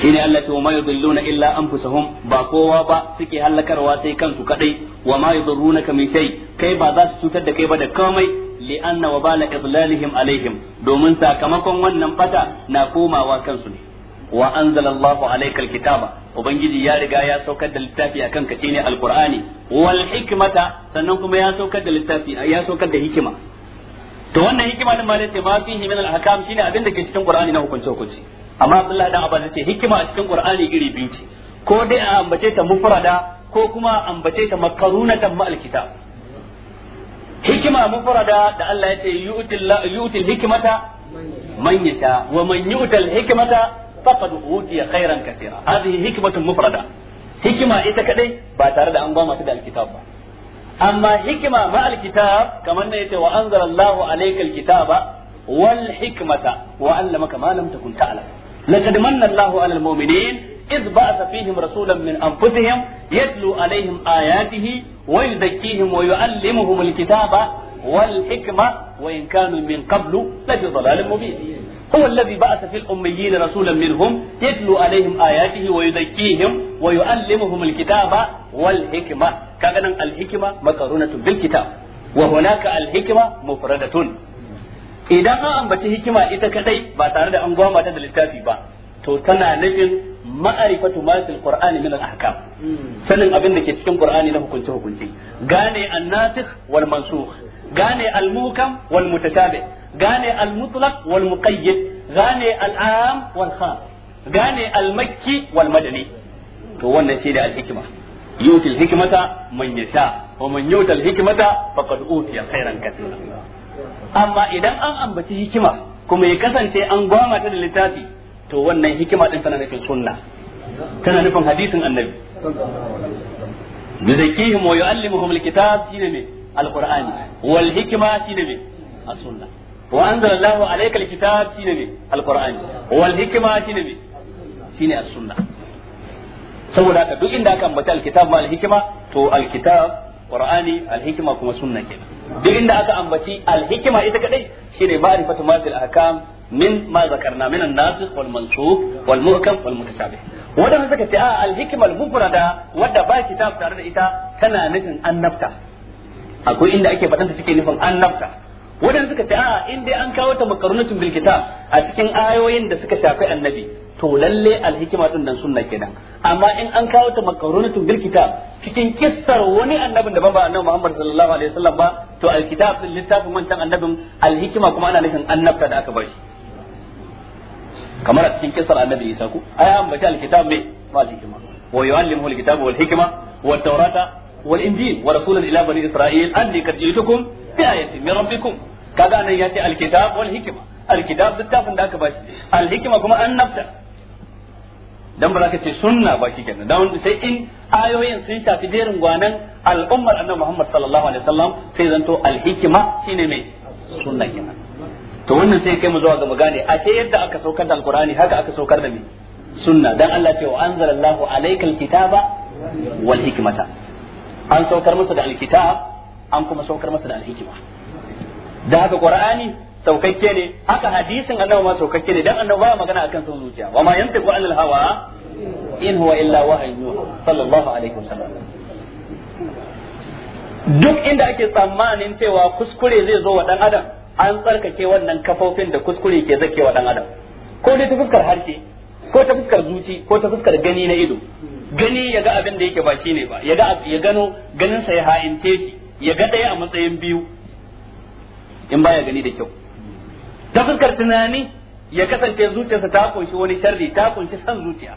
shine Allah ce wa ma yudilluna illa anfusahum ba kowa ba suke halakarwa sai kansu kadai wa ma yudurrunaka min shay kai ba za su cutar da kai ba da komai li anna wabala idlalihim alaihim domin sakamakon wannan bata na komawa kansu ne wa anzalallahu alayka kitaba ubangiji ya riga ya saukar da littafi akan ka shine alqur'ani wal hikmata sannan kuma ya saukar da littafi ya saukar da hikima to wannan hikima din ma ce ma fihi min alhakam shine abin da ke cikin qur'ani na hukunce hukunci amma Abdullahi dan abada ce hikima a cikin qur'ani iri biyu ce ko dai a ambace ta mufrada ko kuma a ambace ta makarunatan ma alkitab hikima mufrada da Allah ya ce yu'til hikmata man yasha wa man yu'til hikmata faqad utiya khairan katira hadhihi hikmatun mufrada hikima ita kaɗai ba tare da an ba mata da alkitab ba amma hikima ma alkitab kamar ne yace wa anzalallahu alayka alkitaba wal hikmata wa allamaka ma lam takun ta'lam laqad manna Allahu 'alal mu'minin إذ بعث فيهم رسولا من أنفسهم يتلو عليهم آياته ويزكيهم ويعلمهم الكتاب والحكمة وإن كانوا من قبل لفي ضلال مبين هو الذي بعث في الأميين رسولا منهم يتلو عليهم آياته ويزكيهم ويعلمهم الكتاب والحكمة كان الحكمة مقرونة بالكتاب وهناك الحكمة مفردة idan an ambaci hikima ita kadai ba tare da an gwama ta da littafi ba to tana nufin ma'arifatu ma fil qur'ani min al ahkam sanin abin da ke cikin qur'ani na hukunci hukunci gane an nasikh wal mansukh gane al mukam wal mutashabih gane al-mutlaq wal muqayyad gane al-am wal khas gane al-makki wal madani to wannan shi da al-hikma yutil hikmata man yasha wa man yutil hikmata faqad utiya khairan katira amma idan an ambaci hikima kuma ya kasance an gwama ta da littafi to wannan hikima din tana nufin sunna tana nufin hadisin annabi yuzakihim wa yuallimuhum alkitab shine ne alqur'ani wal hikma shine ne as-sunnah wa anzalallahu alayka alkitab shine ne alqur'ani wal hikma shine ne shine as-sunnah saboda duk inda aka ambata alkitab ma alhikma to alkitab qur'ani alhikma kuma sunna kenan duk inda aka ambaci alhikma ita kadai shine ma'rifatu ma fil ahkam min ma zakarna min an-nasikh wal wal wal suka ce a alhikma al-mufrada wadda ba kitab tare da ita tana nufin annabta akwai inda ake fadanta take nufin annabta wadanda suka ce a in dai an kawo ta makarunatun bil kitab a cikin ayoyin da suka shafi annabi to lalle alhikima din nan sunna kenan amma in an kawo ta makarunatun bil kitab cikin kissar wani annabin da ba annabi Muhammad sallallahu alaihi wasallam ba to alkitab din littafin mancan annabin alhikima kuma ana nufin annabta da aka bar shi kamar a cikin kissar annabi Isa ku ai an bace alkitab me ba alhikima wa yu'allimuhu alkitab wal hikma wat tawrata wal injil wa rasulan ila bani isra'il anni kad ji'tukum bi ayatin min rabbikum kaga anan ya ce alkitab wal hikma alkitab littafin da aka bashi Alhikima kuma an nafta dan ba za ka ce sunna ba shi kenan dan sai in ayoyin sun shafi jerin gwanan al'ummar annabi Muhammad sallallahu alaihi wasallam sai zanto alhikima shine mai sunna kenan to wannan sai kai mu zuwa ga magane a ce yadda aka saukar da alqur'ani haka aka saukar da mai sunna dan Allah ce wa anzalallahu alaikal kitaba wal hikmata an saukar musu da alkitab an kuma saukar masa da alhikima da haka qur'ani saukakke ne haka hadisin annabi ma saukakke ne dan annabawa ba magana akan son zuciya wa ma yantiqu anil hawa in huwa illa wahyu sallallahu alaihi wasallam duk inda ake tsammanin cewa kuskure zai zo wa dan adam an tsarkake wannan kafofin da kuskure ke zake wa dan adam ko dai ta fuskar harshe ko ta fuskar zuci ko ta fuskar gani na ido gani ya ga abin da yake ba shine ba ya ga ya gano ganin sa ya ha'ince shi ya ga ɗaya a matsayin biyu in baya gani da kyau ta fuskar tunani ya kasance zuciyarsa ta kunshi wani sharri ta kunshi san zuciya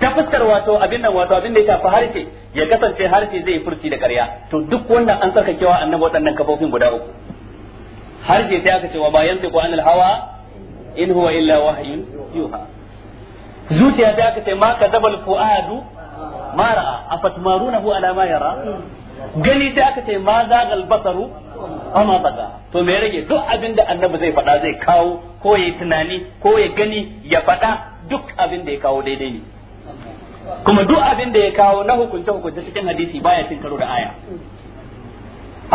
ta fuskar wato abin nan wato abin da ya tafi harshe ya kasance harshe zai furci da ƙarya to duk wannan an sarkakewa annabi waɗannan kafofin guda uku harshe sai aka ce wa bayan ko anil hawa in huwa illa wahyun yuha zuciya sai aka ce ma kadabal fuadu mara afatmarunahu ala ma yara gani sai aka ce ma zagal basaru amma baza to me rage duk abin da annabi zai fada zai kawo ko ya tunani ko ya gani ya faɗa duk abin da ya kawo daidai ne kuma duk abin da ya kawo na hukunce hukunce cikin hadisi baya cin karo da aya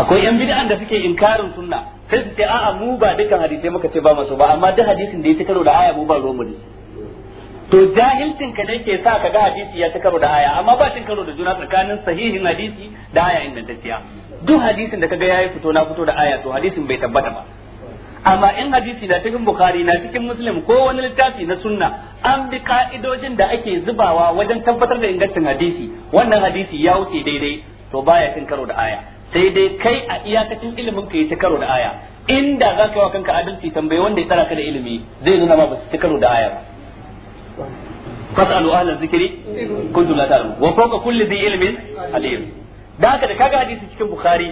akwai yan bid'an da suke inkarin sunna sai su ce a'a mu ba dukkan hadisai muka ce ba masu ba amma duk hadisin da ya ci karo da aya mu ba ruwan mu to jahilcin ka ne ke sa ka ga hadisi ya ci karo da aya amma ba cin karo da juna tsakanin sahihin hadisi da aya ingantacciya duk hadisin da ka kaga yayi fito na fito da aya to hadisin bai tabbata ba amma in hadisi na cikin bukhari na cikin muslim ko wani littafi na sunna an bi ka'idojin da ake zubawa wajen tabbatar da ingancin hadisi wannan hadisi ya wuce daidai to baya cin karo da aya sai dai kai a iyakacin ilimin ka yi ci karo da aya inda za ka yi wa kanka adalci tambaye wanda ya tsara ka da ilimi zai nuna ma ba su ci karo da aya ba fas'alu ahlan zikri kuntum la ta'lamun wa fawqa kulli dhi ilmin alim da haka da kaga hadisi cikin bukhari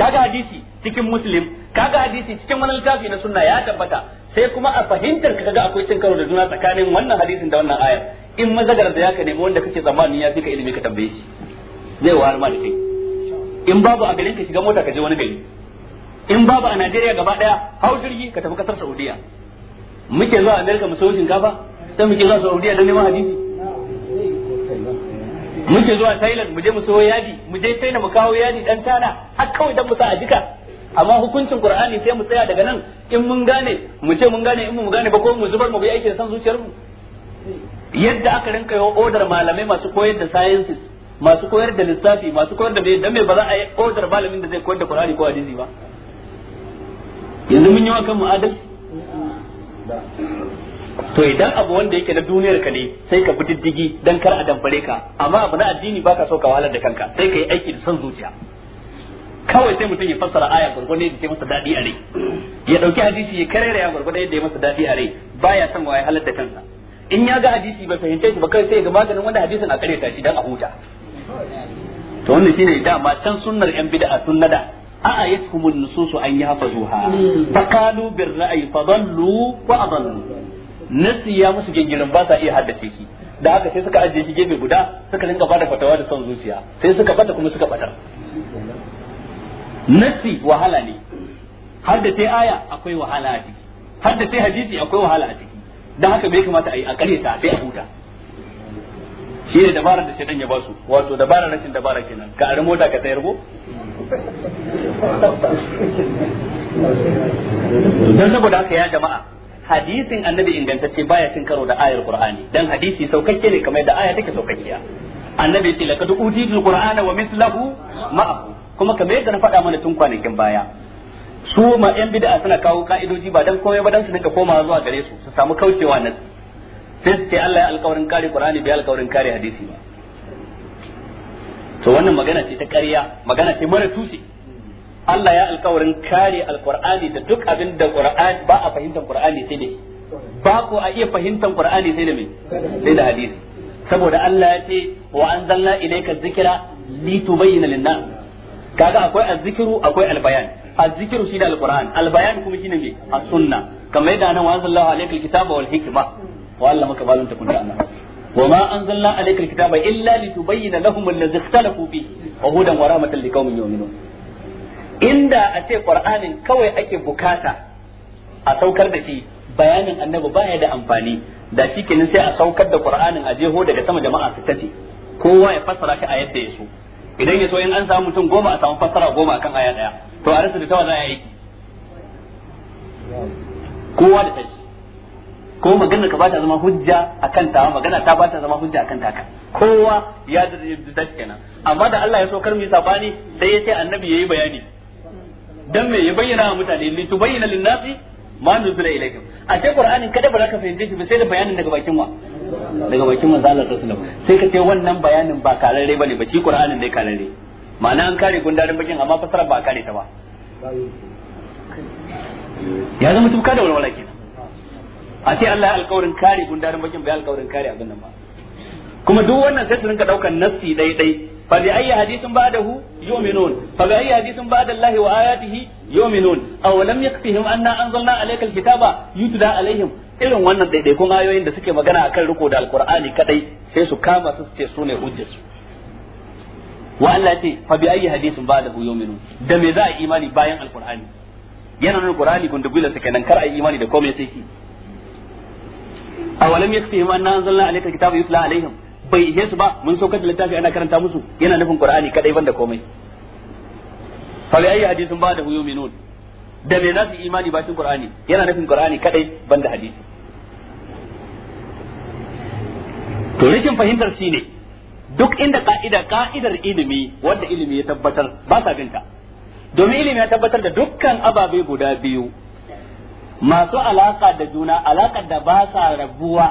kaga hadisi cikin muslim kaga hadisi cikin wani littafi na sunna ya tabbata sai kuma a fahimtar ka kaga akwai cin karo da juna tsakanin wannan hadisin da wannan ayar in mazagar da ka nemi wanda kake tsammanin ya fika ilimi ka tambaye shi zai wahar ma da kai in babu a garin ka shiga mota ka je wani gari in babu a Najeriya gaba daya hau jirgi ka tafi kasar Saudiya muke zuwa America mu sayo shinkafa sai muke zuwa Saudiya don neman hadisi muke zuwa Thailand mu je mu sayo yadi mu je China mu kawo yadi dan tana har kawai dan mu sa a jika amma hukuncin Qur'ani sai mu tsaya daga nan in mun gane mu ce mun gane in mu gane ba ko mu zubar mu bi aiki da san zuciyar mu yadda aka rinka yi odar malamai masu koyar da sciences masu koyar da lissafi masu koyar da me dan me ba za a yi odar malamin da zai koyar da Qur'ani ko hadisi ba yanzu mun yi wa kanmu adalci to idan abu wanda yake na duniyar ka ne sai ka bi diddigi dan kar a damfare ka amma abu na addini baka so ka wahalar da kanka sai ka yi aiki da son zuciya kawai sai mutum ya fassara aya gurgurda da ya masa daɗi a rai ya ɗauki hadisi ya karere ya gurgurda yadda ya masa daɗi a rai baya son waye halar da kansa in ya ga hadisi ba fahimce shi ba kai sai ga maganin wanda hadisin a kare ta shi dan a huta to wannan shine dama can sunnar yan bid'a sun nada أأيتهم النصوص أن يحفظوها فقالوا بالرأي a وأضلوا nasi ya musu gingirin ba sa iya haddace shi da haka sai suka ajiye shi gefe guda suka rinka bada fatawa da son zuciya sai suka bata kuma suka batar nasi wahala ne haddace aya akwai wahala a ciki haddace hadisi akwai wahala a ciki dan haka bai kamata a yi a kare ta sai a huta shi ne dabarar da shaidan ya basu wato dabarar rashin dabara kenan ka ari mota ka tsayar go dan saboda haka ya jama'a hadisin annabi ingantacce baya cin karo da ayar qur'ani dan hadisi saukakke ne kamar da aya take saukakkiya annabi ya ce laqad utitul qur'ana wa mislahu ma'ahu kuma kamar yadda na faɗa mana tun kwanakin baya su ma yan bid'a suna kawo ka'idoji ba dan komai ba dan su dinka komawa zuwa gare su su samu kaucewa nan sai su ce Allah ya alƙawarin kare qur'ani bai alƙawarin kare hadisi ba to wannan magana ce ta ƙarya magana ce mara tushe Allah ya alkawarin kare alqur'ani da duk abin da qur'ani ba a fahimtar qur'ani sai da ba ko a iya fahimtar qur'ani sai da me sai da hadisi saboda Allah ya ce wa anzalna ilayka dhikra litubayyana lin-nas kaga akwai azzikiru akwai albayan azzikiru shine alqur'an albayan kuma shine me as-sunna kamar yadda nan wa anzalallahu alaykal kitaba wal hikma wa Allah maka balun ta kunna annabi وما أنزلنا عليك الكتاب إلا لتبين لهم الذي اختلفوا فيه وهدى ورحمة لقوم يؤمنون inda a ce qur'anin kawai ake bukata a saukar da shi bayanin annabi ba ya da amfani da shi kenan sai a saukar da qur'anin a jeho daga sama jama'a su tace kowa ya fassara shi a yadda ya so idan ya so in an samu mutum goma a samu fassara goma akan aya daya to a rasa da tawa za a yi kowa da tashi ko magana ka bata zama hujja akan ta magana ta bata zama hujja akan ta kowa ya da tashi kenan amma da Allah ya so kar mu yi sabani sai ya ce annabi yayi bayani dan me ya bayyana wa mutane li tubayyana lin nasi ma nuzila ilaihim a ce qur'anin kada ba za ka fahimce shi ba sai da bayanin daga bakin wa daga bakin manzo Allah sallallahu alaihi sai ka ce wannan bayanin ba kararre bane ba shi qur'anin dai kararre ma'ana an kare gundarin bakin amma fasara ba kare ta ba ya zama tuka da walwala ke a ce Allah ya alƙawarin kare gundarin bakin bai alƙawarin kare abin nan ba kuma duk wannan sai su rinka daukan nassi dai dai فبأي حديث بعده يؤمنون فبأي حديث بعد الله وآياته يؤمنون أو لم يكفهم أنا أنزلنا عليك الكتاب يتلى عليهم irin wannan daidaikun ayoyin da suke magana a kan riko da alkur'ani kadai sai su kama su ce su ne hujjar su wa Allah ce fa bi ayyi hadisin ba da hu yu'minu da me za a imani bayan alkur'ani yana nan alkur'ani gundubula su kenan kar a imani da komai sai shi awalam yakfihim anna anzalna alayka alkitaba yutla alaihim bai ne su ba mun saukar da littafi ana karanta musu yana nufin qur'ani kadai banda komai fa bi ayi hadisin ba da huyu minun da me nasu imani ba cikin qur'ani yana nufin qur'ani kadai banda hadisi to rikin fahimtar shi ne duk inda ka'ida ka'idar ilimi wanda ilimi ya tabbatar ba sa binta domin ilimi ya tabbatar da dukkan ababe guda biyu masu alaka da juna alakar da ba sa rabuwa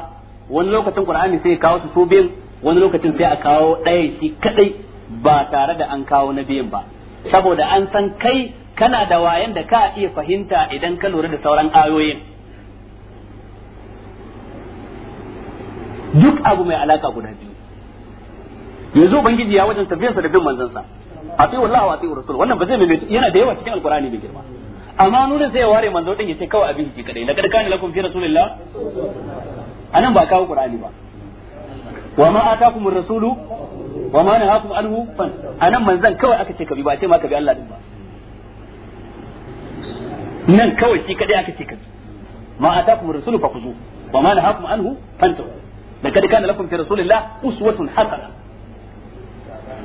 wani lokacin qur'ani sai ya kawo su su biyu wani lokacin sai a kawo ɗaya shi kadai ba tare da an kawo na biyan ba saboda an san kai kana da wayan da ka iya fahimta idan ka lura da sauran ayoyin duk abu mai alaka guda biyu yanzu ubangiji ya wajen tafiyarsa da bin manzansa tsaye wallahi wa tsaye rasul wannan ba zai mai yana da yawa cikin alkurani mai girma amma nuna sai ya ware manzo din ce kawai abin shi kadai laqad kana lakum fi rasulillah anan ba kawo qur'ani ba wa ma atakum rasulu wa ma nahakum anhu fan anan manzan kawai aka ce ka bi ba a ce ma ka bi Allah din ba nan kawai shi kadai aka ce ka bi ma atakum rasulu fa kuzu wa ma nahakum anhu fantahu laqad kana lakum fi rasulillah uswatun hasana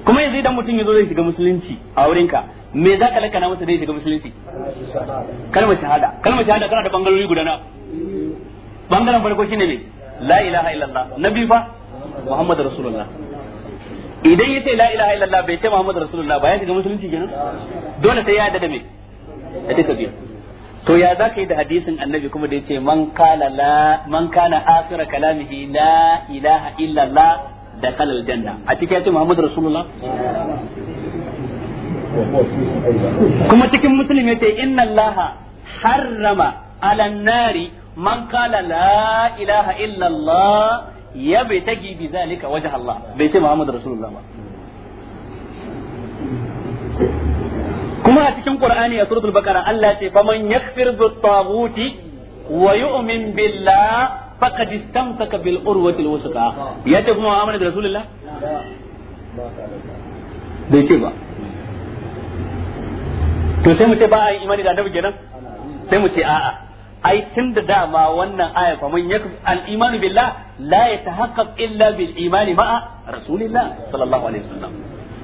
kuma yanzu idan mutum yazo zai shiga musulunci a wurinka me za ka lakana masa zai shiga musulunci kalmar shahada kalmar shahada tana da bangarori guda na bangaren farko shine ne. la ilaha illallah nabi fa Muhammadu Rasulullah idan yace la ilaha illallah bai ce Muhammadu Rasulullah ba ya shiga musulunci kenan dole sai ya yarda da me da duka biyu to ya za ka yi da hadisin annabi kuma da ya ce man kana la man kana akhira kalamihi la ilaha illallah da kalal janna a cikin ya ce Muhammadu Rasulullah kuma cikin musulmi yace inna allaha harrama alannari man kana la ilaha illallah ya bai tagi bi zalika wajh Allah bai ce Muhammadu Rasulullah ba kuma a cikin Qur'ani a suratul Baqara Allah ce faman yakfir bi taghuti wa yu'min billah faqad istamsaka bil urwati al Ya ce kuma Muhammadu Rasulullah bai ce ba to sai mu ce ba a yi imani da annabi kenan sai mu ce a'a ai tun da dama wannan aya fa man yakun al-iman billah la yatahaqqaq illa bil iman ma'a rasulillah sallallahu alaihi wasallam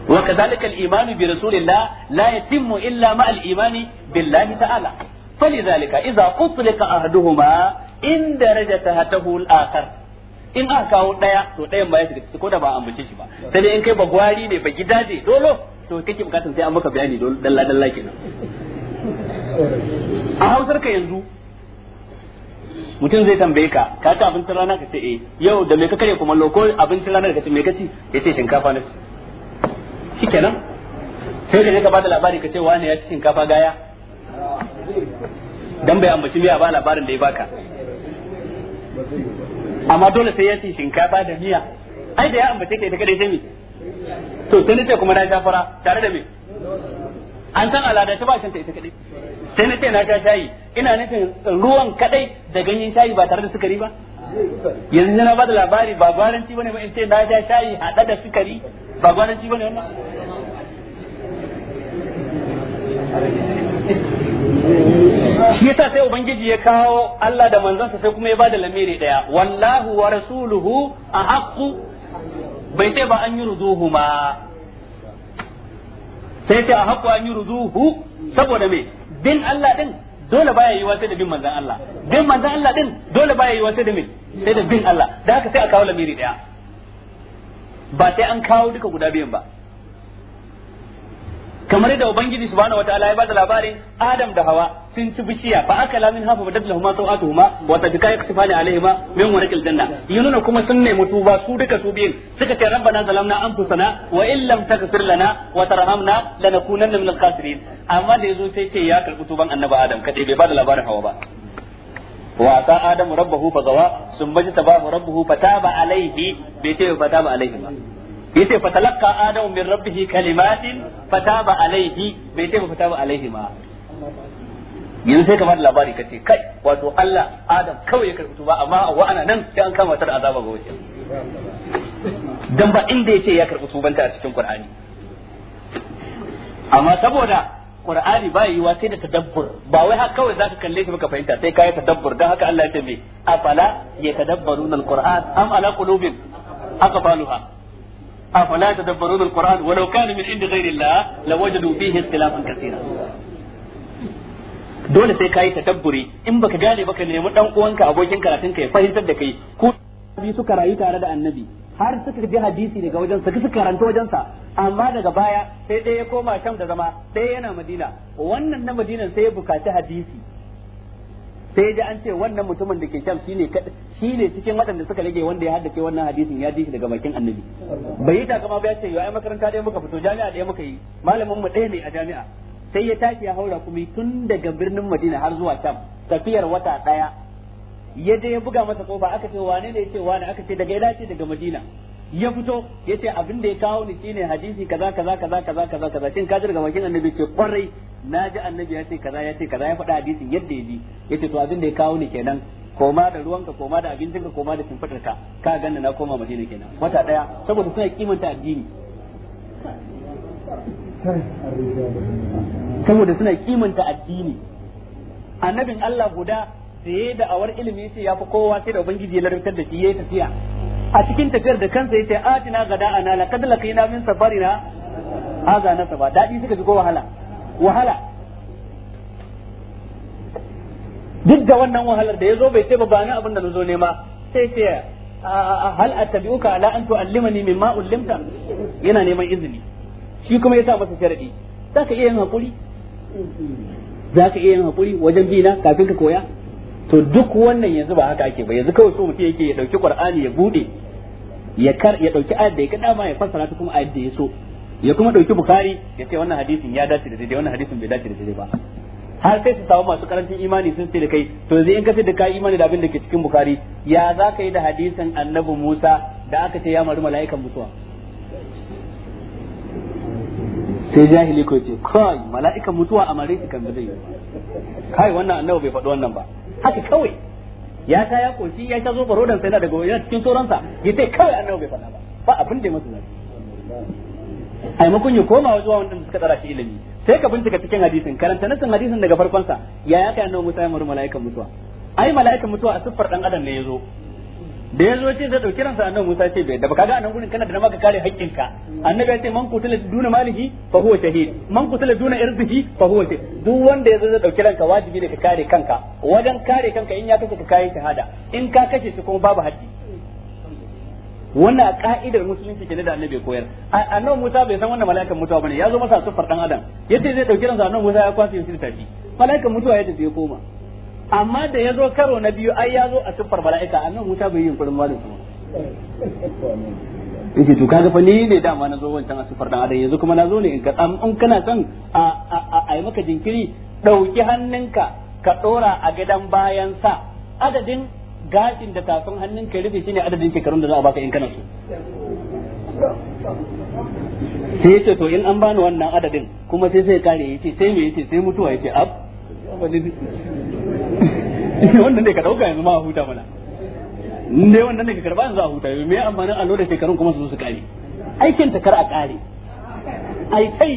wa kadhalika al-iman bi rasulillah la yatimmu illa ma'a al-iman billah ta'ala فلذلك إذا أطلق in إن درج تحته الآخر in aka kawo daya to dayan ba ya shiga ko da ba ambace shi ba sai dai in kai ba gwari ne ba gidaje dolo to kake bukatun sai an maka bayani dalla dalla kenan a hausar ka yanzu mutum zai tambaye ka ka ci abincin rana ka ce eh yau da me ka kare kumallo ko abincin rana ka ce me ka ci ya ce shinkafa ne ci shikenan sai ka je ka bada labari ka ce wani ya ci shinkafa gaya dan bai ambaci miya ba labarin da ya baka amma dole sai ya ci shinkafa da miya ai da ya ambace ka ita kadai sai mi to sai ce kuma na shafara tare da me an san alada ta ba ta ita kadai sai na ce na ga shayi ina nufin ruwan kadai da ganyen shayi ba tare da sukari ba yanzu na bada labari ba gwaranci bane ba in ce na ga shayi hada da sukari ba gwaranci bane wannan shi yasa sai ubangiji ya kawo Allah da manzansa sai kuma ya bada lamiri daya wallahu wa rasuluhu ahaqqu bai ce ba an yi ruduhuma sai ce a haku an yi ruzuhu saboda me bin Allah din dole baya yi wasai da bin manzan Allah bin manzan Allah din dole baya yi wasai da me sai da bin Allah da haka sai a kawo lamiri daya ba sai an kawo duka guda biyan ba kamar yadda ubangiji subhanahu wataala ya da labarin Adam da Hawa sun ci bishiya fa aka lamin hafa badal lahuma sawatuhuma wa tadika yaktifani alaihima min warqil janna yununa kuma sun nemi tuba su duka su biyin suka ce rabbana zalamna anfusana wa illam lam taghfir lana wa tarhamna lanakunanna minal khasirin amma da yazo sai ce ya karbi tuban annabi adam kadai bai bada labarin hawa ba wa asa adam rabbahu fa gawa summa jtabahu rabbuhu fataba alaihi bai ce fataba alaihi ba yace fa talaqqa adamu min rabbihi kalimatin fataba alaihi bai ce fataba alaihi ma yanzu sai ka bada labari ka ce kai wato Allah Adam kawai ya karɓi tuba amma wa ana nan sai an kama ta da azaba ga wajen dan ba inda yace ya karɓi tubanta a cikin Qur'ani amma saboda Qur'ani ba yi sai da tadabbur ba wai haka kawai zaka kalle shi baka fahimta sai kai tadabbur dan haka Allah ya ce me afala yatadabbaruna al-Qur'an am ala qulubin aqfaluha أفلا يتدبرون القرآن ولو كان من عند غير الله لوجدوا فيه اختلافا كثيرا dole sai kayi tadabburi in baka gane ba ka nemi dan uwanka abokin karatun ka ya fahimtar da kai ko bi suka rayu tare da annabi har suka ji hadisi daga wajen sa suka karanta wajen sa amma daga baya sai dai ya koma sham da zama ɗaya yana madina wannan na madinan sai ya bukaci hadisi sai da an ce wannan mutumin da ke sham shine shine cikin waɗanda suka rage wanda ya haddace wannan hadisin ya ji daga bakin annabi bai yi takama ba ya ce yau ai makaranta ɗaya muka fito jami'a ɗaya muka yi malamin mu ɗaya ne a jami'a sai ya tafi ya haura kuma tun daga birnin Madina har zuwa Sham tafiyar wata daya ya je ya buga masa kofa aka ce wane ne yace wane aka ce daga ila ce daga Madina ya fito yace abin da ya kawo ni shine hadisi kaza kaza kaza kaza kaza kaza shin ka daga makin annabi ce kwarai naji annabi ya ce kaza ya ce kaza ya faɗa hadisin yadda ya ji yace to abin da ya kawo ni kenan koma da ruwanka koma da abincinka koma da shimfiɗarka ka ganna na koma Madina kenan wata daya saboda suna kimanta addini saboda suna kimanta addini annabin Allah guda sai da awar ilimi sai ya fi kowa sai da ubangiji ya larabtar da shi yayi tafiya a cikin tafiyar da kansa yace atina gada ana laqad laqina min safarina haza nasaba dadi suka ji ko wahala wahala duk da wannan wahalar da yazo bai ce ba bani abin da nazo nema sai a hal attabi'uka ala an tu'allimani mimma ullimta yana neman izini shi kuma yasa masa sharadi zaka iya yin hakuri za ka iya yin hakuri wajen bi kafin ka koya to duk wannan yanzu ba haka ake ba yanzu kawai so mutum yake ya dauki qur'ani ya bude ya kar ya dauki ayat da ya kada ma ya fassara ta kuma ayat da ya so ya kuma dauki bukhari ya ce wannan hadisin ya dace da daidai wannan hadisin bai dace da daidai ba har sai su samu masu karancin imani sun ce da kai to yanzu in ka da kai imani da abin da ke cikin bukhari ya za ka yi da hadisin annabi Musa da aka ce ya mari mala'ikan mutuwa sai jahili ko ce kai mala'ika mutuwa a mare shi kan zai kai wannan annabi bai faɗi wannan ba haka kawai ya sha ya koshi ya sha zo barodan sai na daga wajen cikin sauransa ya ce kawai annabi bai faɗa ba ba abin da ya masa ai makon ya koma zuwa wanda suka tsara shi ilimi sai ka bincika cikin hadisin karanta san hadisin daga farkon sa ya ya kai annabi Musa ya muru mala'ikan mutuwa ai mala'ikan mutuwa a siffar dan adam ne ya zo da yazo ce zai dauki ransa annabi Musa ce bai da ba kaga anan gurin kana da dama ka kare ka annabi ya ce man kutula duna malihi fa huwa shahid man kutula duna irzihi fa huwa shahid duk wanda yazo zai dauki ranka wajibi ne ka kare kanka wajen kare kanka in ya kace ka kai shahada in ka kace shi kuma babu haddi wannan ka'idar musulunci kenan da annabi koyar annabi Musa bai san wannan mala'ikan mutuwa bane ya zo masa sufar dan adam yace zai dauki ransa annabi Musa ya kwasa yin sirri tafi mala'ikan mutuwa ya tafi ya koma amma da ya zo karo na biyu ai ya zo a siffar mala'ika annabi Musa bai yi kurin malin sama yace to kaga fa ni ne dama na zo wancan a siffar dan adam yanzu kuma na zo ne in ka in kana son a a yi maka jinkiri dauki hannunka ka dora a gidan bayan sa adadin gashin da tafin hannunka rufe shine adadin shekarun da za a baka in kana so sai ya ce to in an bani wannan adadin kuma sai sai kare ya ce sai me ya ce sai mutuwa ya ce ab wannan ne ka dauka yanzu ma a huta mana ne dai wannan ne ka karba yanzu a huta me amfanin allo da shekarun kuma su su kare aikin ta kar a kare ai kai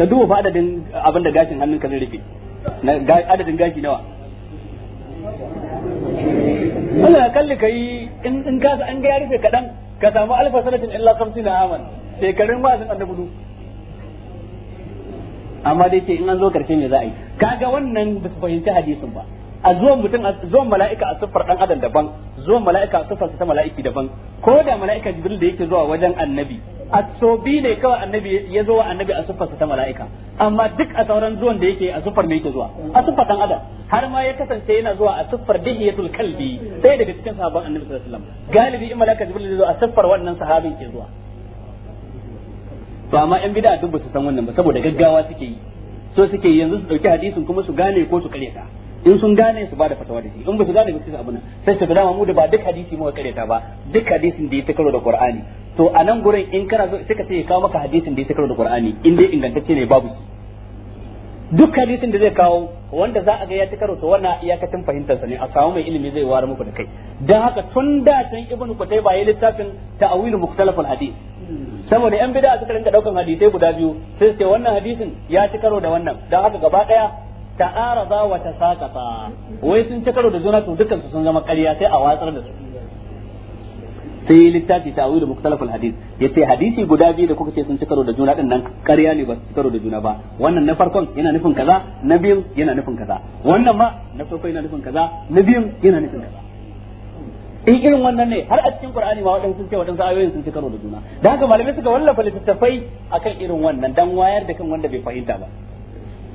ka duba fa adadin abin da gashin hannun ka zai rufe adadin gashi nawa wala kalli kai in in ka an ga ya rufe kadan ka samu alfa sanatin illa 50 aman shekarun ma sun annabudu amma dai ce in an zo karshe me za a yi kaga wannan ba su fahimci hadisin ba a zuwan mutum a zuwan mala'ika a sufar dan adam daban zuwan mala'ika a sufar ta mala'iki daban ko da mala'ika jibril da yake zuwa wajen annabi asobi ne kawai annabi ya zo wa annabi a sufar ta mala'ika amma duk a sauran zuwan da yake a sufar me yake zuwa a sufar dan adam har ma ya kasance yana zuwa a sufar dihiyatul kalbi sai daga cikin sahabban annabi sallallahu alaihi wasallam galibi in mala'ika jibril da zo a sufar wannan sahabin ke zuwa to amma yan bid'a duk basu san wannan ba saboda gaggawa suke yi so suke yanzu su dauki hadisin kuma su gane ko su karyata in sun gane su bada fatawa da shi in ba su gane ba sai su abuna sai su dama mu da ba duk hadisi muka karyata ba duk hadisin da ya ta karo da qur'ani to a nan gurin in kana so sai ka sai ya kawo maka hadisin da ya ta karo da qur'ani in dai ingantacce ne babu su duk hadisin da zai kawo wanda za a ga ya ci karo to wannan iyakacin fahimtar sa ne a samu mai ilimi zai wara muku da kai dan haka tun da tun ibn ba yi littafin ta'awil mukhtalaful hadith saboda yan bid'a suka rinka daukan hadisai guda biyu sai su ce wannan hadisin ya ci karo da wannan dan haka gaba daya ta'araza wa tasaqata wai sun ci karo da juna to dukkan su sun zama ƙarya sai a watsar da su sai littafi ta awilu muktalafal hadis yace hadisi guda biyu da kuka ce sun ci karo da juna din nan ƙarya ne ba su ci karo da juna ba wannan na farkon yana nufin kaza na biyun yana nufin kaza wannan ma na farko yana nufin kaza na biyun yana nufin kaza in irin wannan ne har a cikin qur'ani ma waɗansu sun ce waɗansu ayoyin sun ci karo da juna da haka malamai suka wallafa littattafai akan irin wannan dan wayar da kan wanda bai fahimta ba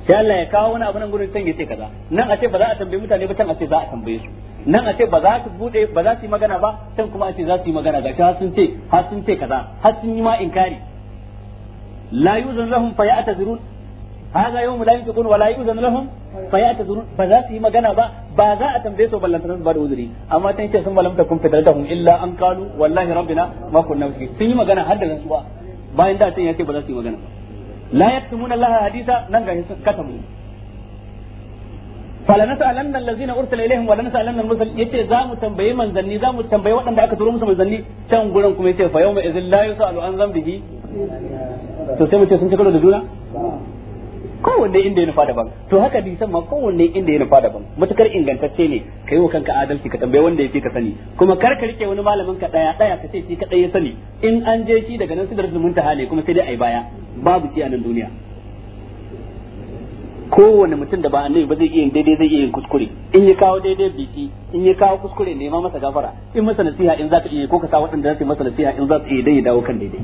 sai Allah ya kawo wani abu nan gurin can ya ce kaza nan a ce ba za a tambaye mutane ba can a ce za a tambaye su nan a ce ba za su bude ba za su yi magana ba can kuma a ce za su yi magana gashi har sun ce har sun ce kaza har sun yi ma inkari la yuzun lahum fa ya'tazirun hadha yawm la yunfiqun wa la yuzun lahum fa ya'tazirun ba za su yi magana ba ba za a tambaye su ballanta ba da uzuri amma tan ce sun balamta kun fitartahum illa an qalu wallahi rabbina ma kunna mushrikin sun yi magana har da ba bayan da tan ya ce ba za su yi magana ba la yaktumuna allaha hadisa nan ga katamu falanasa'alanna allazina ursila ilaihim wa lanasa'alanna al-mursal yace za mu tambayi manzanni za mu tambayi waɗanda aka turo musu manzanni can gurin kuma yace fa yawma idhil la yusalu an to sai mu ce sun ci da juna kowanne inda ya nufa daban to haka bi san ma kowanne inda ya nufa daban matukar ingantacce ne ka yi wa kanka adalci ka tambaye wanda ya fi ka sani kuma kar ka rike wani malamin ka daya daya ka ce shi kadai ya sani in an je shi daga nan sidar zumunta hale kuma sai dai ai baya babu shi a nan duniya kowane mutum da ba annabi ba zai iya daidai zai iya kuskure in ya kawo daidai biki in ya kawo kuskure nema ma masa gafara in masa nasiha in zaka iya ko ka sa waɗanda za su yi masa nasiha in za su iya dai dawo kan daidai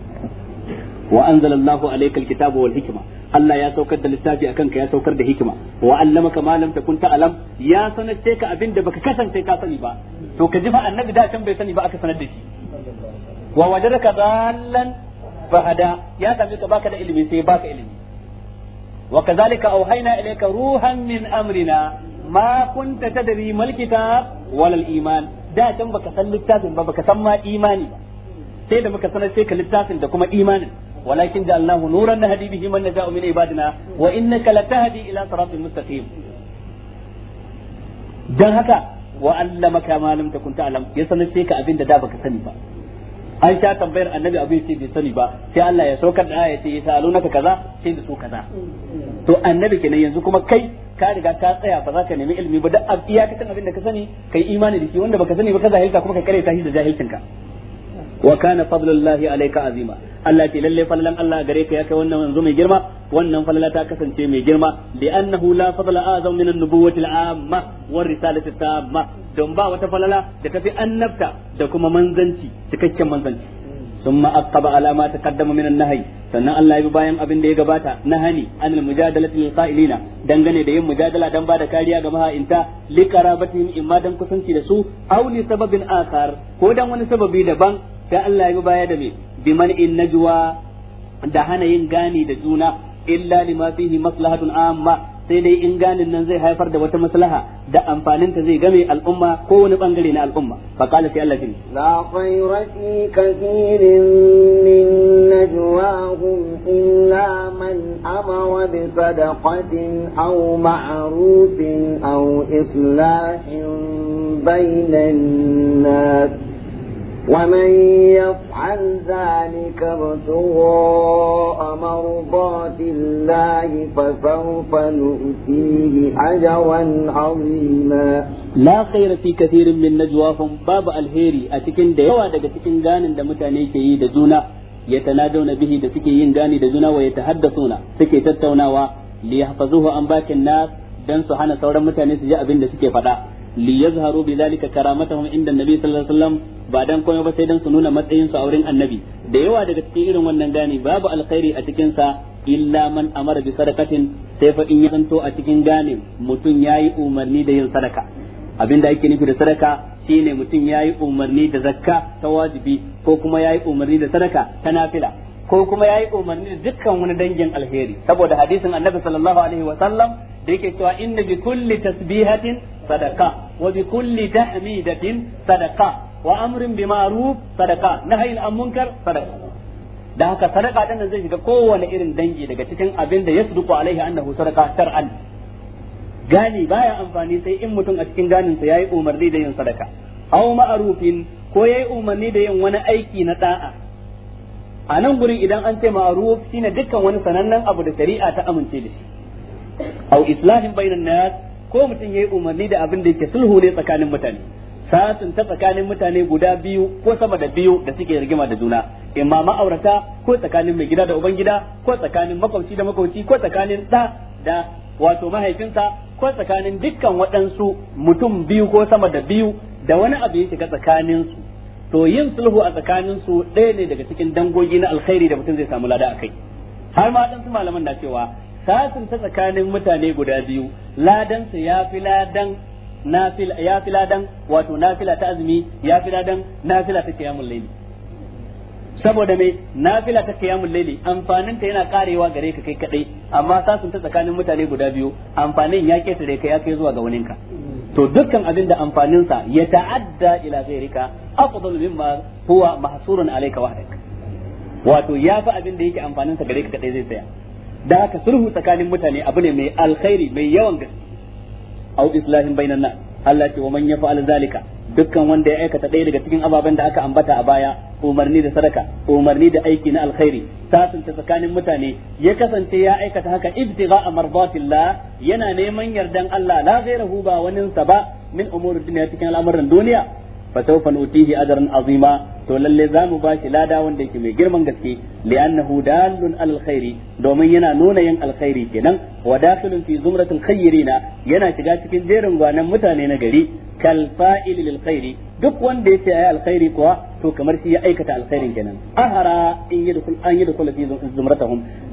wa anzalallahu alayka alkitaba wal hikma Allah ya saukar da littafi akan ka ya saukar da hikima wa allamaka ma lam takun ta'lam ya sanar ka abin da baka kasance ka sani ba to ka ji fa annabi da can bai sani ba aka sanar da shi wa wajadaka dallan fahada ya same ka baka da ilimi sai baka ilimi وكذلك أوحينا إليك روحا من أمرنا ما كنت تدري ما الكتاب ولا الإيمان san littafin ba سن للتافن بك سمى إيماني sai da muka sanar sai ka littafin da kuma imanin walakin da Allahu nuran nahdi bihi man naja'u min ibadina wa innaka latahdi ila siratin mustaqim dan haka wa allamaka ma lam takun ta'lam ya sanar sai ka abinda da da baka sani ba an sha tambayar annabi abin ce bai sani ba sai Allah ya saukar da ya ce ya salo naka kaza sai da su kaza to annabi kenan yanzu kuma kai ka riga ka tsaya ba za ka nemi ilimi ba duk iyakacin abin da ka sani kai imani da shi wanda baka sani ba ka zahilta kuma ka kare ta shi da jahilcin ka wa kana fadlullahi alayka azima Allah ce lalle falalan Allah gare ka ya kai wannan yanzu mai girma wannan falala ta kasance mai girma li annahu la fadla azam min an-nubuwwati al-amma war risalati tamma don ba wata falala da tafi annabta da kuma manzanci cikakken manzanci ثم أقب alama ta kaddama minan النهي sannan Allah ya bi bayan abin da ya gabata na hani anil mujadalati lil qa'ilina dangane da yin mujadala dan ba da kariya ga maha'inta li qarabatihim imma dan kusanci da su aw li sababin akhar ko dan wani sababi daban sai Allah ya baya da me biman in najwa da hana yin gani da juna illa lima fihi maslahatun amma sai dai in ganin nan zai haifar da wata maslaha da amfanin ta zai game al'umma ko wani bangare na al'umma fa qala sai Allah shine la khayra fi kathirin min najwahum illa man amara bi sadaqatin aw ma'rufin aw islahin bainan nas ومن يفعل ذلك ابتغاء مرضات الله فسوف نؤتيه أجرا عظيما لا خير في كثير من نجواهم باب الهيري أتكن ديوا دقا تكن غان دمتاني كي دزونا يتنادون به دسكيين غاني دزونا ويتحدثون سكي تتونا ليحفظوه أنباك الناس dan su hana متاني سجاء su ji abin li yazharu bi zalika karamatahum inda nabi sallallahu alaihi wasallam ba dan komai ba sai dan su nuna matsayin su a wurin annabi da yawa daga cikin irin wannan gani babu alkhairi a cikin sa illa man amara bi sadaqatin sai fa in ya zanto a cikin gane mutum yayi umarni da yin sadaka abinda ake nufi da sadaka shine mutum yayi yi umarni da zakka ta wajibi ko kuma ya umarni da sadaka ta nafila ko kuma ya umarni da dukkan wani dangin alheri saboda hadisin annabi sallallahu alaihi wasallam da yake cewa inna bi kulli tasbihatin صدقة وبكل تحميدة صدقة وأمر بمعروف صدقة نهي عن منكر صدقة da haka sadaka din nan zai shiga kowane irin dangi daga cikin abin da duku alaihi annahu sadaka shar'an gani baya amfani sai in mutum a cikin ganin sa yayi umarni da yin sadaka aw ma'rufin ko yayi umarni da yin wani aiki na da'a a nan gurin idan an ce ma'ruf shine dukkan wani sanannen abu da shari'a ta amince da shi aw islahin bainan nas ko mutum ya yi umarni da abin da yake sulhu ne tsakanin mutane sa'atun ta tsakanin mutane guda biyu ko sama da biyu da suke rigima da juna imma ma'aurata ko tsakanin mai gida da gida ko tsakanin makwabci da makwabci ko tsakanin da da wato mahaifinsa ko tsakanin dukkan waɗansu mutum biyu ko sama da biyu da wani abu ya shiga tsakaninsu to yin sulhu a tsakanin su ɗaya ne daga cikin dangogi na alkhairi da mutum zai samu lada a kai har ma waɗansu malaman na cewa sasanta tsakanin mutane guda biyu ladan su ya fi ladan nafila ya fi ladan wato nafila ta azumi ya fi ladan nafila ta kiyamul layli saboda me nafila ta kiyamul layli amfanin ta yana karewa gare ka kai kadai amma sasanta tsakanin mutane guda biyu amfanin ya ke tare ka ya kai zuwa ga waninka to dukkan abin da sa ya ta'adda ila ghairika afdalu mimma huwa mahsurun alayka wahdak wato ya fi abin da yake sa gare ka kadai zai tsaya da aka sulhu tsakanin mutane abu ne mai alkhairi mai yawan gaske au islahin bainan nas Allah ce wa man yafa'al zalika dukkan wanda ya aikata ɗaya daga cikin ababen da aka ambata a baya umarni da sadaka umarni da aiki na alkhairi ta tsakanin mutane ya kasance ya aikata haka ibtigha mardatillah yana neman yardan Allah la ghairahu ba waninsa ba min umuri duniya cikin al'amuran duniya fasawfa nutihi ajran azima to lalle za mu bashi lada wanda yake mai girman gaske li'annahu dalun alal domin yana nuna yin alkhairi kenan wa dakhilun fi zumratil khayrina yana shiga cikin jerin gwanan mutane na gari kal duk wanda yace ayi kuwa to kamar shi ya aikata ahara in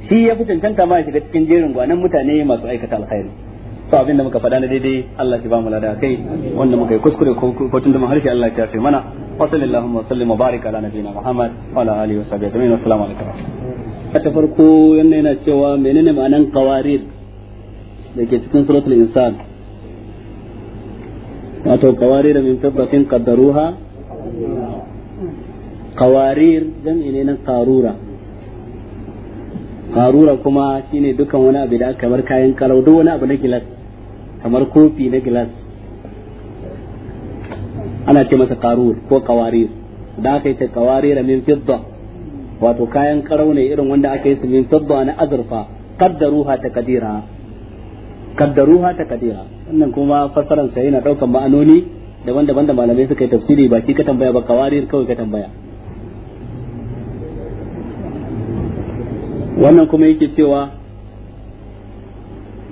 shi ya fi cikin jerin mutane masu aikata to abin da muka faɗa na daidai Allah shi ba mu lada kai wanda muka yi kuskure ko tun da mu harshe Allah ya tafi mana wa sallallahu wa sallim wa barika ala nabiyina Muhammad wa ala alihi wa sahbihi ajma'in assalamu alaikum a ta farko yana yana cewa menene ma'anan qawarid da ke cikin suratul insan wato qawarid min fiddatin qaddaruha qawarir jam'i ne na qarura qarura kuma shine dukan wani abu da aka bar kayan kalau duk wani abu na gilas kamar kofi na glass ana ce masa karur ko kawarir da aka yi ce kawarir min fidda wato kayan karau ne irin wanda aka yi su min fidda na azurfa kaddaruha takadira kaddaruha kadira wannan kuma fasaran sa yana daukan ma'anoni daban-daban da malamai suka yi tafsiri ba shi ka tambaya ba kawarir kawai ka tambaya wannan kuma yake cewa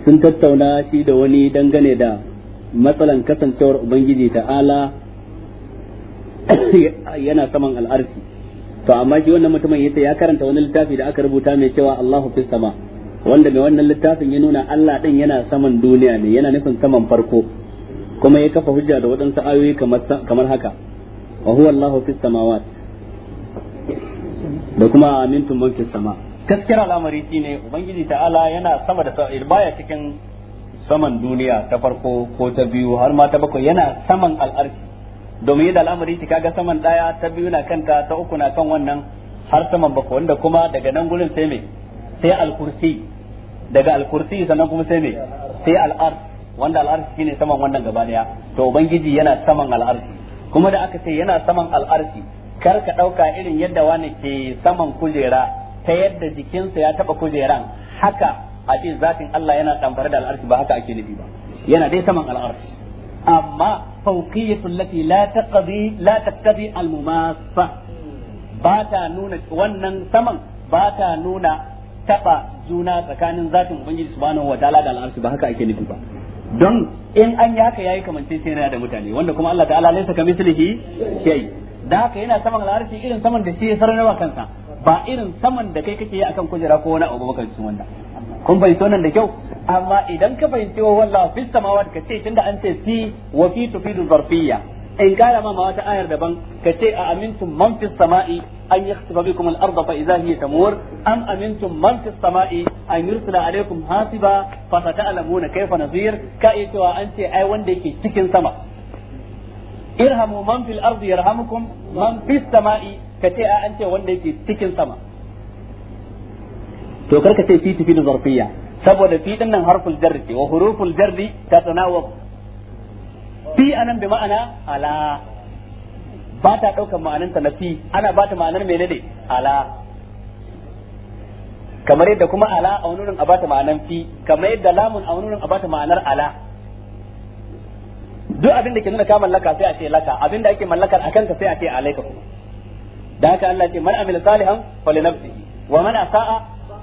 sun tattauna shi da wani dangane da matsalan kasancewar ubangiji ta'ala [COUGHS] yana saman al'arsi to amma shi wannan mutumin yace ya karanta wani littafi da aka rubuta mai cewa Allahu fis sama wanda mai wannan littafin ya nuna Allah din yana saman duniya ne yana nufin saman farko kuma ya kafa hujja da waɗansu ayoyi kamar haka wa huwa Allahu fis samawat da kuma amintum man sama' gaskiyar al'amari ne ubangiji ta'ala yana sama da baya cikin saman duniya ta farko ko ta biyu har ma ta bakwai yana saman al'arshi domin yadda al'amari ta kaga saman daya ta biyu na kanta ta uku na kan wannan har saman bakwai wanda kuma daga nan gurin sai me sai al-kursi daga al-kursi sannan kuma sai me sai al wanda wanda shi shine saman wannan gaba daya to ubangiji yana saman al'arci kuma da aka ce yana saman al'arci kar ka dauka irin yadda wani ke saman kujera ta yadda jikinsa ya taba kujeran haka a ce zatin Allah yana tambar da al'arshi ba haka ake nufi ba yana dai saman al'arshi amma fawqiyatul lati la taqdi la taqdi al mumassa ba ta nuna wannan saman ba ta nuna taba juna tsakanin zatin ubangiji subhanahu ta'ala da al'arshi ba haka ake nufi ba don in an yi haka yayi kamance sai yana da mutane wanda kuma Allah ta'ala laysa kamithlihi shay da haka yana saman al'arshi irin saman da shi ya sarrafa kansa ba irin saman da kai kake yi akan kujera ko wani abu baka cikin wannan kun fahimci wannan da kyau amma idan ka fahimci wa wallahu fis samawat ka ce tunda an ce fi wa fi tufidu zarfiyya in kara ma wata ayar daban ka ce a amintum man fis sama'i an yakhsifa bikum al-ardha fa idha hiya tamur am amintum man fis sama'i an yursila alaykum hasiba fa sata'lamuna kayfa nazir ka iya cewa an ce ai wanda yake cikin sama irhamu man fil ardi yarhamukum man fis sama'i ka ce a an ce wanda yake cikin sama to kar ka ce fi tafi da zarfiya saboda fi din nan harful jarri ce wa huruful jarri ta tanawa fi anan bi ma'ana ala ba ta daukar ma'ananta na fi ana ba ta ma'anar menene ala kamar yadda kuma ala a wani wurin a bata ma'anar fi kamar yadda lamun a wani wurin a bata ma'anar ala duk abin da ke nuna ka mallaka sai a ce laka abin da ake mallakar akan ka sai a ce alaika kuma da haka Allah ce man amila salihan fali nafsihi wa man asaa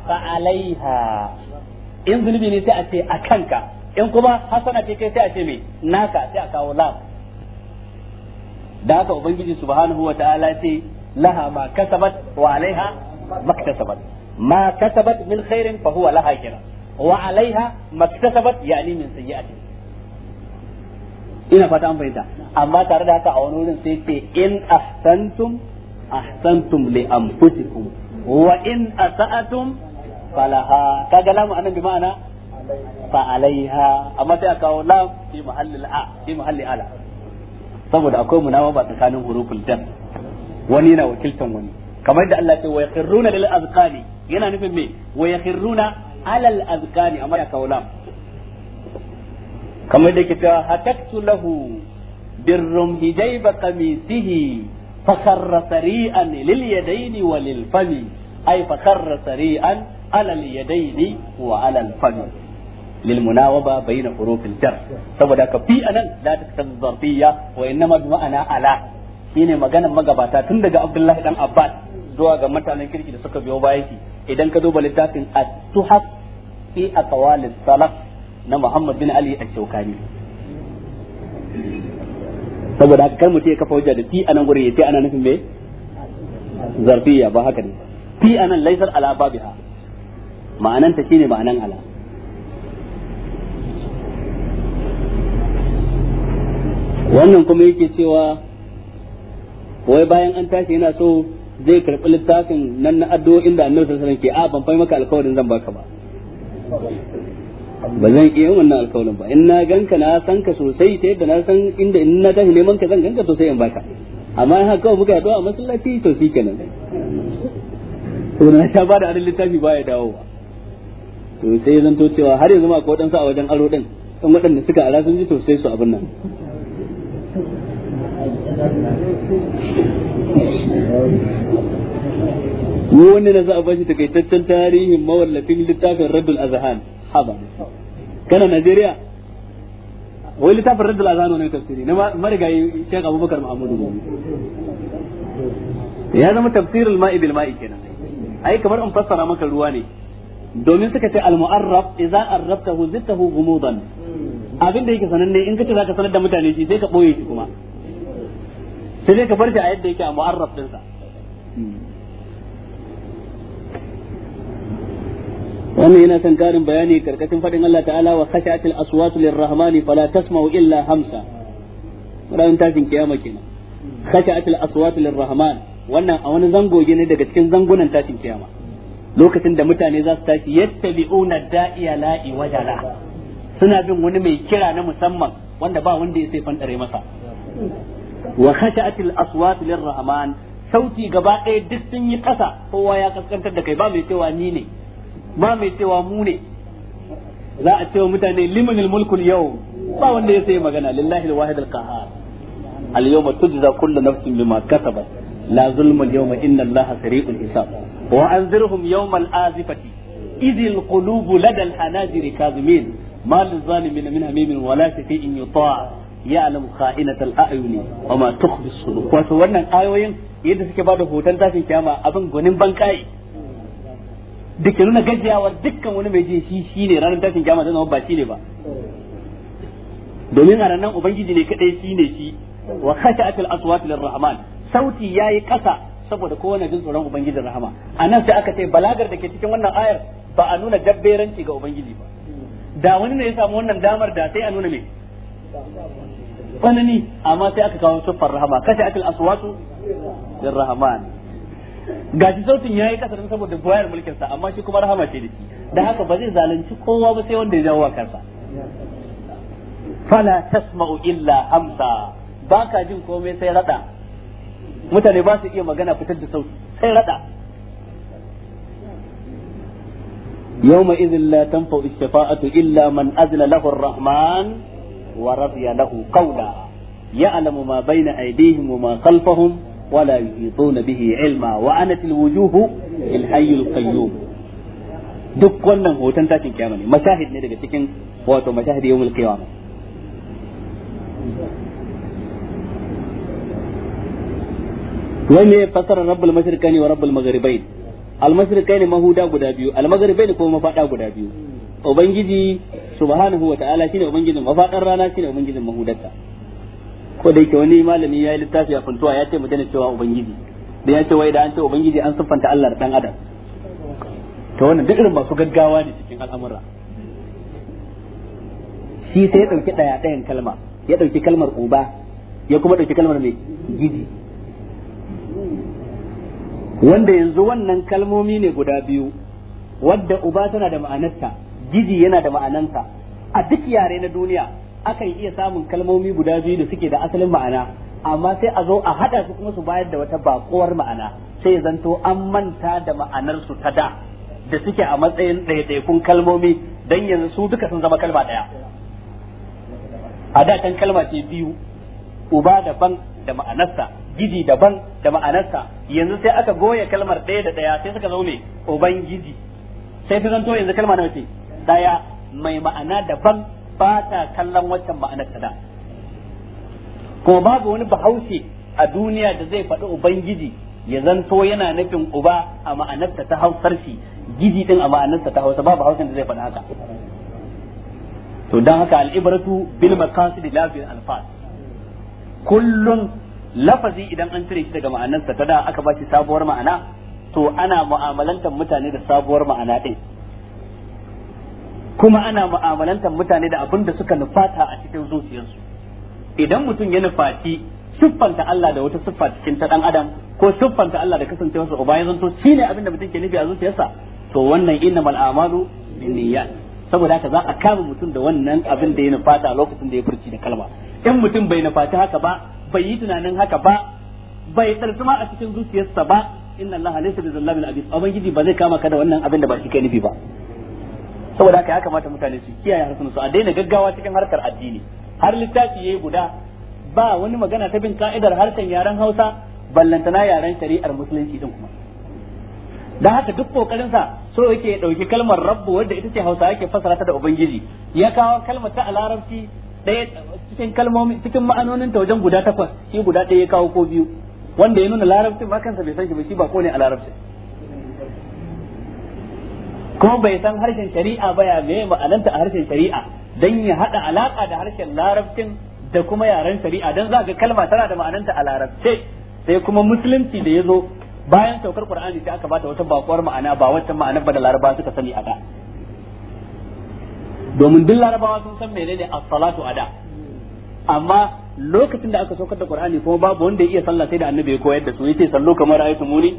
fa alaiha in zunubi ne sai a ce a kanka in kuma hasana ce kai sai a ce me naka sai a kawo lam da haka ubangiji subhanahu wa ta'ala ce laha ma kasabat wa alaiha ma maktasabat ma kasabat min khairin fa huwa laha kira wa alaiha ma maktasabat yani min sayyi'atin ina fata an fahimta amma tare da haka a wani wurin sai ce in ahsantum ahsantum li anfusikum wa in asa'atum falaha kaga lamu anan bi ma'ana fa alaiha amma sai aka kawo lam fi mahallil a fi mahalli ala saboda akwai munawa ba tsakanin huruful jan wani yana wakiltan wani kamar yadda Allah ce wa yakhruna lil azqani yana nufin me wa yakhruna ala al azqani amma aka kawo lam kamar yadda yake cewa hataktu lahu birrum hijayba qamisihi fakarra sari'an lil yadaini wa lil fami ay fakarra sari'an ala al yadaini wa ala al fami lil munawaba bayna hurufil jar saboda ka fi anan la taktan zarfiyya wa innama bi ma'ana ala shine maganar magabata tun daga Abdullahi dan Abba zuwa ga mutanen kirki da suka biyo bayan shi idan ka duba littafin at-tuhaf fi aqwalis salaf na Muhammad bin Ali ash-Shawkani saboda haka kar mutum ya kafa hujja da ti anan gurin ya ce ana nufin me zarfiya ba haka ne ti anan laisar ala babiha ma'anan ta shine ma'anan ala wannan kuma yake cewa wai bayan an tashi yana so zai karɓi littafin nan na addu'o'in da annabi sallallahu alaihi wasallam ke a ban fai maka alƙawarin zan baka ba ba zan iya wannan alkawarin ba in na ganka na san ka sosai ta yadda na san inda in na tashi neman ka zan ganka sosai in baka amma in haka kawai muka yaɗu a masallaci to shi kenan to na sha ba da adalin littafi baya ba to sai ya zanto cewa har yanzu ma ko dan sa a wajen aro din kan waɗanda suka ara sun ji to sai su abin nan mu wani na za a bashi takaitaccen tarihin mawallafin littafin Raddul Azhan haba kana Najeriya wai littafin raddul azano tafsiri na marigayi Abubakar ya zama tafsirul ma'i bil ma'i kenan ai kamar in fassara maka ruwa ne domin suka ce al-mu'arraf zittahu abin da yake sananne in kace zaka sanar da mutane shi sai ka boye shi kuma sai dai ka bar a yadda yake a mu'arraf din sa hmm. wannan yana son karin bayani karkashin fadin Allah ta'ala wa khashatil aswatu lirrahmani fala tasma'u illa hamsa ranar tashin kiyama kenan khashatil aswatu lirrahman wannan a wani zango ne daga cikin zangunan tashin kiyama lokacin da mutane za su tashi yattabi'una da'iya la'i wajala suna bin wani mai kira na musamman wanda ba wanda ya sai fandare masa wa khashatil aswatu lirrahman sauti gaba ɗaya duk sun yi ƙasa kowa ya kaskantar da kai ba mai cewa ni ne ba mai cewa mu ne za a cewa mutane liman mulkul yau ba wanda ya sai magana lillahi alwahid alqahar al-yawma tujza kullu nafsin bima kasabat la zulma al-yawma inna allaha sari'ul hisab wa anzirhum yawma al-azifati idh al-qulubu lada al-hanajiri kazimin ما للظالمين من هميم ولا شفيع يطاع يعلم خائنة الأعين وما تخفي الصدور wato wannan ayoyin yadda suke bada hoton tashin kiyama abin gonin bankai da ke nuna gajiyawar dukkan wani mai jin shi shi ne ranar tashin kiyama zai ba shi ne ba domin a ranar ubangiji ne kadai shi ne shi wa a al aswat lir rahman sauti yayi kasa saboda kowane jin tsoron ubangijin rahama anan sai aka ce balagar da ke cikin wannan ayar ba a nuna jabberanci ga ubangiji ba da wani ne ya samu wannan damar da sai a nuna me tsanani amma sai aka kawo siffar rahama akil aswatu lir rahman gashi sautin ya yi kasar saboda buwayar mulkinsa sa amma shi kuma rahama ce da shi da haka ba zai zalunci kowa ba sai wanda ya jawo kansa fala tasma'u illa hamsa Ba ka jin komai sai rada mutane ba su iya magana fitar da sauti sai rada يوم shafaatu illa man azla lahu ar-rahman wa radiya lahu qawla ya'lamu ma bayna aydihim wa ma khalfahum ولا يحيطون به علما وأنت الوجوه الحي القيوم duk wannan hoton tashin kiyama ne mashahid ne daga cikin wato mashahid yawmul qiyama wai me fasara rabbul mashriqaini wa rabbul maghribain al mashriqaini mahuda guda biyu al maghribaini kuma mafada guda biyu ubangiji subhanahu wa ta'ala shine ubangijin mafadar rana shine ubangijin mahudarta ko da yake wani malami ya yi littafi a funtuwa ya ce mu daina cewa ubangiji da ya ce wai da an ce ubangiji an siffanta Allah da dan adam to wannan duk irin masu gaggawa ne cikin al'amura shi sai ya dauki daya dayan kalma ya dauki kalmar uba ya kuma dauki kalmar mai gidi wanda yanzu wannan kalmomi ne guda biyu wadda uba tana da ma'anarta giji yana da ma'anarsa a duk yare na duniya akan iya samun kalmomi guda biyu da suke da asalin ma'ana amma sai a zo a hada su kuma su bayar da wata bakuwar ma'ana sai zanto an manta da ma'anar su ta da da suke a matsayin ɗaiɗaikun kalmomi dan yanzu su duka sun zama kalma ɗaya a da kan kalma ce biyu uba daban da ma'anarsa gidi daban da ma'anarsa yanzu sai aka goya kalmar ɗaya da ɗaya sai suka zaune uban ubangiji sai ta zanto yanzu kalma na ce ɗaya mai ma'ana daban ba ta kallon waccan ma'anar ta da kuma babu wani bahaushe a duniya da zai faɗi ubangiji ya zanto yana nufin uba a ma'anarsa ta hausar shi giji din a ma'anarsa ta hausa babu hausan da zai faɗi haka to dan haka al'ibratu bil maqasid la bil alfaz kullun lafazi idan an cire shi daga ma'anarsa ta da aka ba shi sabuwar ma'ana to ana mu'amalantar mutane da sabuwar ma'ana ɗin. kuma ana mu'amalantar mutane da abin da suka nufata a cikin zuciyarsu idan mutum ya nufaci siffanta Allah da wata siffa cikin ta dan adam ko siffanta Allah da kasancewarsa uba ya zanto shine abin da mutum ke nufi a zuciyarsa to wannan innamal a'malu binniyat saboda haka za a kama mutum da wannan abin da ya nufata a lokacin da ya furci da kalma in mutum bai nufaci haka ba bai yi tunanin haka ba bai tsartuma a cikin zuciyarsa ba inna Allah laysa bi zallabil abid ubangiji ba zai kama ka da wannan abin da ba shi kai nufi ba saboda haka ya kamata mutane su kiyaye harsunan su a daina gaggawa cikin harkar addini har littafi yayi guda ba wani magana ta bin ka'idar harshen yaren Hausa ballantana yaren shari'ar musulunci din kuma da haka duk kokarin sa so yake ya dauki kalmar rabbu wadda ita ce Hausa yake fasara ta da ubangiji ya kawo kalmar ta a larabci ɗaya cikin kalmomi cikin ma'anonin ta wajen guda takwas shi guda ɗaya ya kawo ko biyu wanda ya nuna larabcin ma kansa bai san shi ba shi ba ko ne a larabcin kuma bai san harshen shari'a ba ya meye ma'ananta a harshen shari'a don ya haɗa alaƙa da harshen larabcin da kuma yaren shari'a don za ga kalma tana da ma'ananta a larabce sai kuma musulunci da ya zo bayan saukar qur'ani sai aka bata wata bakuwar ma'ana ba wata ma'anar ba da laraba suka sani a da domin duk larabawa sun san menene as-salatu ada amma lokacin da aka saukar da Qur'ani kuma babu wanda ya iya sallah sai da Annabi ya koyar da su yace sallo kamar ayatu muni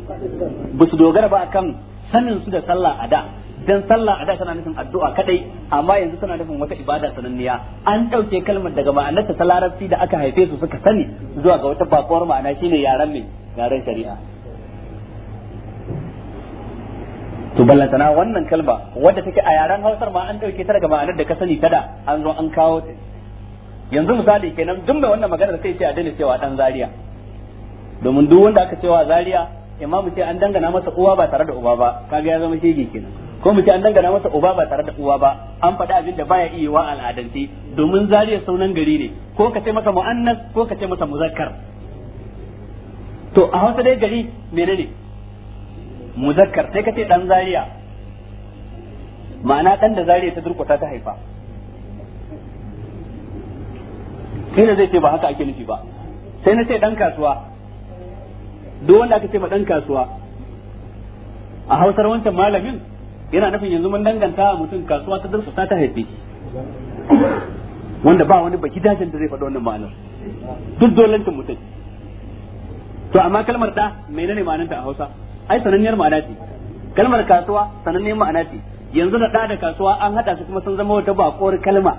ba su dogara ba akan sanin su da sallah a da dan sallah a da tana nufin addu'a kadai amma yanzu tana nufin wata ibada sananniya an dauke kalmar daga ma'anar ta larabci da aka haife su suka sani zuwa ga wata bakuwar ma'ana shine yaran mai yaran shari'a to ballantana wannan kalma wadda take a yaran Hausar ma an dauke ta daga ma'anar da ka sani kada an zo an kawo ta yanzu misali kenan duk mai wannan maganar sai ce a daina cewa dan zaria domin duk wanda aka cewa zaria imamu ce an dangana masa uwa ba tare da uba ba kaga ya zama shege kenan ko mu ce an dangana masa uba ba tare da uwa ba an faɗi abin da baya iya wa al'adance domin zariya sunan gari ne ko ka ce masa mu'annas ko ka ce masa muzakkar to a hausa dai gari menene muzakkar sai ka ce dan zariya ma'ana dan da zariya ta durkusa ta haifa kina zai ce ba haka ake nufi ba sai na ce dan kasuwa duk wanda aka ce ma dan kasuwa a hausar wancan malamin yana nufin yanzu mun danganta mutum kasuwa ta durkusa ta haife shi wanda ba wani baki dajin da zai faɗi wannan ma'anar duk dolancin mutum to amma kalmar da menene ma'anarta a Hausa ai sananniyar ma'ana ce kalmar kasuwa sananniyar ma'ana ce yanzu da da da kasuwa an hada su kuma sun zama wata bakuwar kalma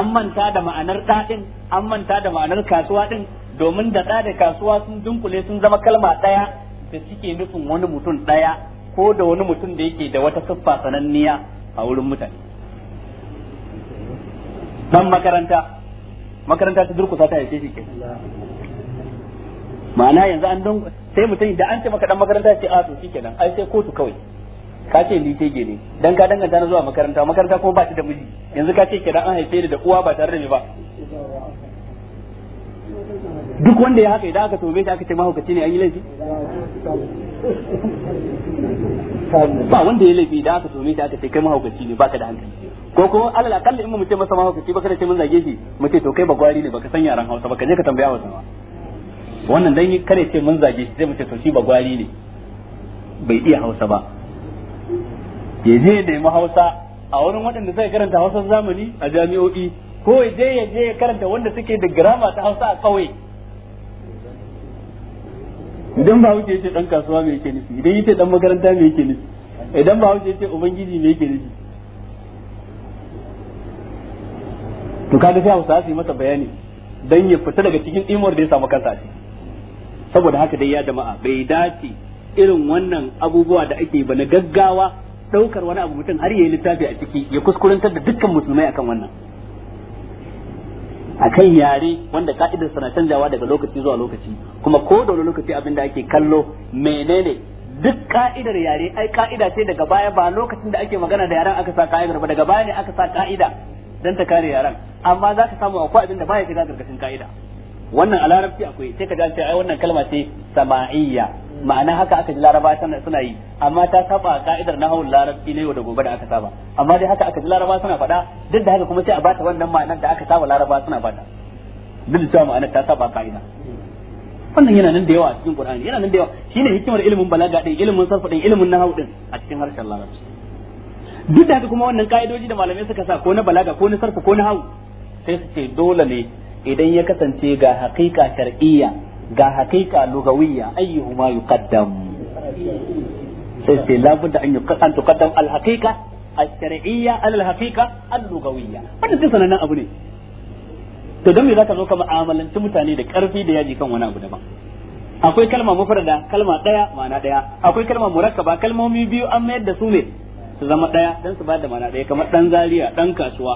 an manta da ma'anar da din an manta da ma'anar kasuwa din domin da da da kasuwa sun dunkule sun zama kalma daya da suke nufin wani mutum daya ko da wani mutum da yake da wata siffa sananniya a wurin mutane dan makaranta makaranta ta durkusa ta haife shi ke ma'ana yanzu an don sai mutum da an ce maka dan makaranta ce a to shikenan ai sai kotu kawai ka ce ni ce gene dan ka danganta na zuwa makaranta makaranta kuma ba shi da miji yanzu ka ce kenan an haife ni da uwa ba tare da ni ba duk wanda ya haka idan aka tobe shi aka ce mahaukaci ne an yi laifi ba wanda ya laifi idan aka tobe shi aka ce kai mahaukaci ne baka da hankali ko kuma alal akalla in mu ce masa mahaukaci baka da ce mun zage shi mu ce to kai ba gwari ne baka san yaran Hausa baka je ka tambaya wasu wannan dan kare ce mun zage shi sai mu ce to shi ba gwari ne bai iya Hausa ba ya je da mu Hausa a wurin waɗanda suka karanta Hausa zamani a jami'o'i ko ya je ya je ya karanta wanda suke da grammar ta Hausa a kauye idan ba wuce yace dan kasuwa me yake nufi idan yace dan makaranta me yake nufi idan ba wuce yace ubangiji me yake nufi to ka da sai mata masa bayani dan ya fita daga cikin imar da ya samu kansa shi saboda haka dai ya jama'a bai dace irin wannan abubuwa da ake ba na gaggawa daukar wani abu mutum har yayi littafi a ciki ya kuskurantar da dukkan musulmai akan wannan akan yare wanda ka'idar sana canjawa daga lokaci zuwa lokaci kuma ko da wani lokaci abin da ake kallo menene duk ka'idar yare ai ka'ida ce daga baya ba lokacin da ake magana da yaran aka sa ka'idar ba daga baya ne aka sa ka'ida dan ta kare yaran amma za ka samu akwai abin da baya shiga gargashin ka'ida wannan a larabci akwai sai ka ce ai wannan kalma ce sama'iyya ma'ana haka aka ji laraba suna yi amma ta saba ka'idar nahawul larabci ne yau da gobe da aka saba amma dai haka aka ji laraba suna faɗa duk da haka kuma sai a bata wannan ma'anar da aka saba laraba suna bata duk da cewa ma'ana ta saba ka'ida wannan yana nan da yawa a cikin Qur'ani yana nan da yawa shine hikimar ilimin balaga din ilimin sarfa din ilimin nahwu din a cikin harshen larabci duk da haka kuma wannan ka'idoji da malamai suka sa ko na balaga ko na sarfa ko na hawu sai su ce dole ne idan ya kasance ga haƙiƙa shar'iyya ga haqiqa lugawiyya ayyuhuma yuqaddam sai sai labudda an yuqaddam tuqaddam al haqiqa al على al-lugawiyya wannan duk sanannen abu ne to dan me zaka zo ka mu'amalanci mutane da karfi da yaji kan wani abu daban akwai kalma mufrada kalma daya ma'ana daya akwai kalma murakkaba kalmomi biyu an mayar da su ne su zama daya dan su bada ma'ana daya kamar dan zaria dan kasuwa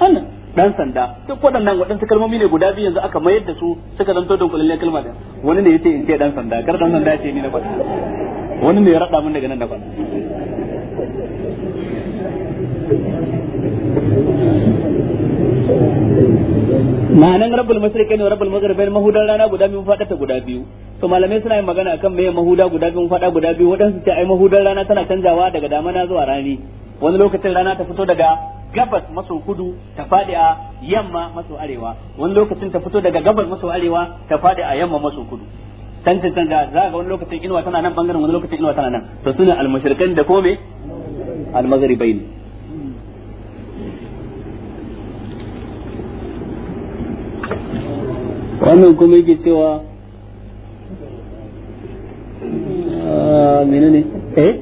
wannan dan sanda duk waɗannan waɗansu kalmomi ne guda biyu yanzu aka mayar da su suka zanto don kullalle kalma da wani ne yace in ce dan sanda kar dan sanda ce ni na kwata wani ne ya rada mun daga nan da kwata ma'anan rabbul mashriqain wa rabbul ne mahudan rana guda biyu fada ta guda biyu to malamai suna yin magana akan meye mahuda guda biyu fada guda biyu wadansu ce ai mahudan rana tana canjawa daga damana zuwa rani wani lokacin rana ta fito daga gabas maso kudu ta fadi a yamma maso arewa wani lokacin ta fito daga gabas maso arewa ta fadi a yamma maso kudu tantan canja za ga wani lokacin inuwa tana nan bangaren wani lokacin inuwa tana nan to sunan al-mushrikan da kome al-maghribain wannan kuma yake cewa ah, ne. eh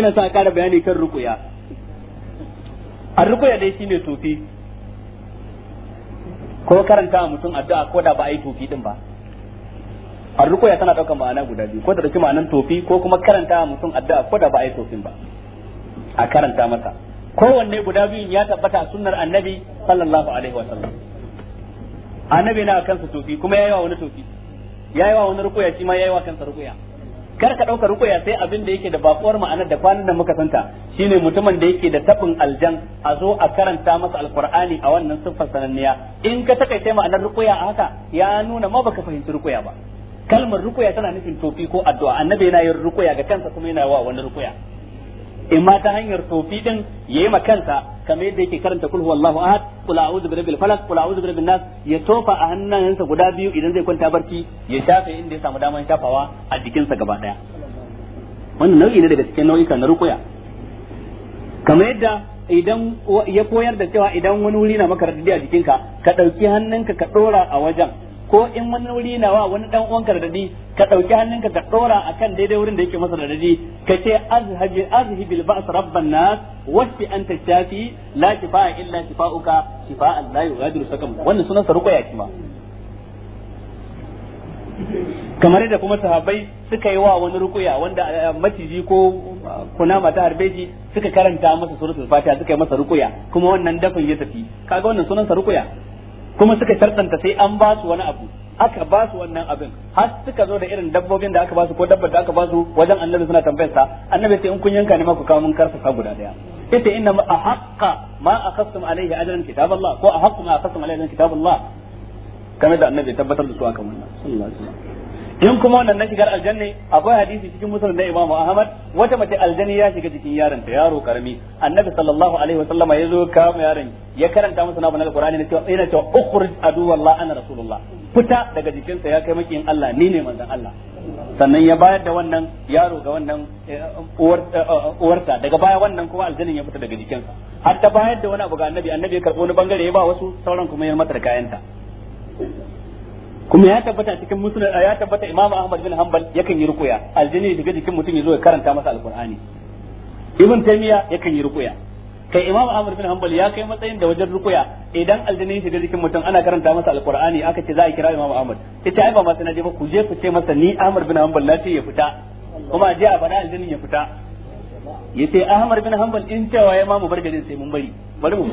ina sa kara bayani kan rukuya a rukuya dai shine tofi ko karanta mutum addu'a ko da ba a yi tofi din ba a rukuya tana daukan ma'ana guda biyu ko da ɗauki ma'anan tofi ko kuma karanta mutum addu'a ko da ba a yi tofin ba a karanta masa kowanne guda biyun ya tabbata a sunnar annabi sallallahu alaihi wasallam annabi na kansa tofi kuma yayi wa wani tofi yayi wa wani rukuya shi ma yayi wa kansa rukuya kar ka dauka rukuya sai abin da yake da bakuwar ma'anar da kwanan da muka santa shine mutumin da yake da tabin aljan a zo a karanta masa alqur'ani a wannan siffar sananniya in ka takaice ma'anar rukuya a haka ya nuna ma baka fahimci rukuya ba kalmar rukuya tana nufin tofi ko addu'a annabi yana yin rukuya ga kansa kuma yana wa wani rukuya in ma ta hanyar tofi din yayi ma kansa kamar yadda yake karanta kul huwallahu ahad kul a'udhu bi rabbil falaq kul a'udhu bi nas ya tofa a hannayensa guda biyu idan zai kwanta barci ya shafe inda ya samu daman shafawa a jikinsa gaba daya wannan nau'i ne daga cikin nau'ika na rukuya kamar yadda idan ya koyar da cewa idan wani wuri na maka radadi a jikinka ka ɗauki hannunka ka ɗora a wajen ko in wani wuri wa wani dan uwan dadi, ka dauki hannunka ka dora akan daidai wurin da yake masa radadi ka ce azhabi azhibil ba's rabban nas washfi anta shafi la shifaa illa shifauka shifaan la yughadiru sakam wannan sunan sa ruqya shi ma kamar da kuma sahabbai suka yi wa wani rukuya wanda eh, maciji ko kunama ta harbeji, suka karanta masa suratul fatiha suka yi masa rukuya kuma wannan dafin ya tafi kaga wannan sunan sa rukuya kuma suka tartanta sai an ba su wani abu aka ba su wannan abin har suka zo da irin dabbobin da aka ba su ko dabbar da aka ba su wajen annabi suna tambayar sa annabi sai in kun yanka ne ma ku kawo mun karfasa guda daya ita inna ma ahqqa ma akhastum alaihi ajran kitaballah ko ahqqu ma akhastum alaihi ajran kitaballah kamar da annabi tabbatar da su akan wannan sallallahu alaihi wasallam in kuma wannan na shigar aljanna akwai hadisi cikin musulun da imamu ahmad wata mace aljanni ya shiga cikin yaron ta yaro karami annabi sallallahu alaihi wasallama ya zo kama yaron ya karanta masa nabin alqur'ani na cewa ina cewa adu aduwallah ana rasulullah fita daga jikinsa ya kai makin Allah ni ne manzon Allah sannan ya bayar da wannan yaro ga wannan eh, eh, uwarta daga baya wannan kuma aljanin ya fita daga jikinsa har ta bayar da wani abu ga annabi annabi ya karbo wani bangare ya ba wasu sauran kuma ya mata da kayanta kuma ya tabbata cikin musulun ya tabbata imamu ahmad bin hanbal yakan yi rukuya aljini daga jikin mutum ya zo ya karanta masa alqur'ani ibn taymiya yakan yi rukuya kai imam ahmad bin hanbal ya kai matsayin da wajen rukuya idan aljini ya shiga jikin mutum ana karanta masa alqur'ani aka ce za a kira imam ahmad ita ai ba ma sanaje ba ku je ku ce masa ni ahmad bin hanbal na ce ya fita kuma je a bada aljinin ya fita yace ahmad bin hanbal in cewa ya mamu bargadin sai mun bari bari mu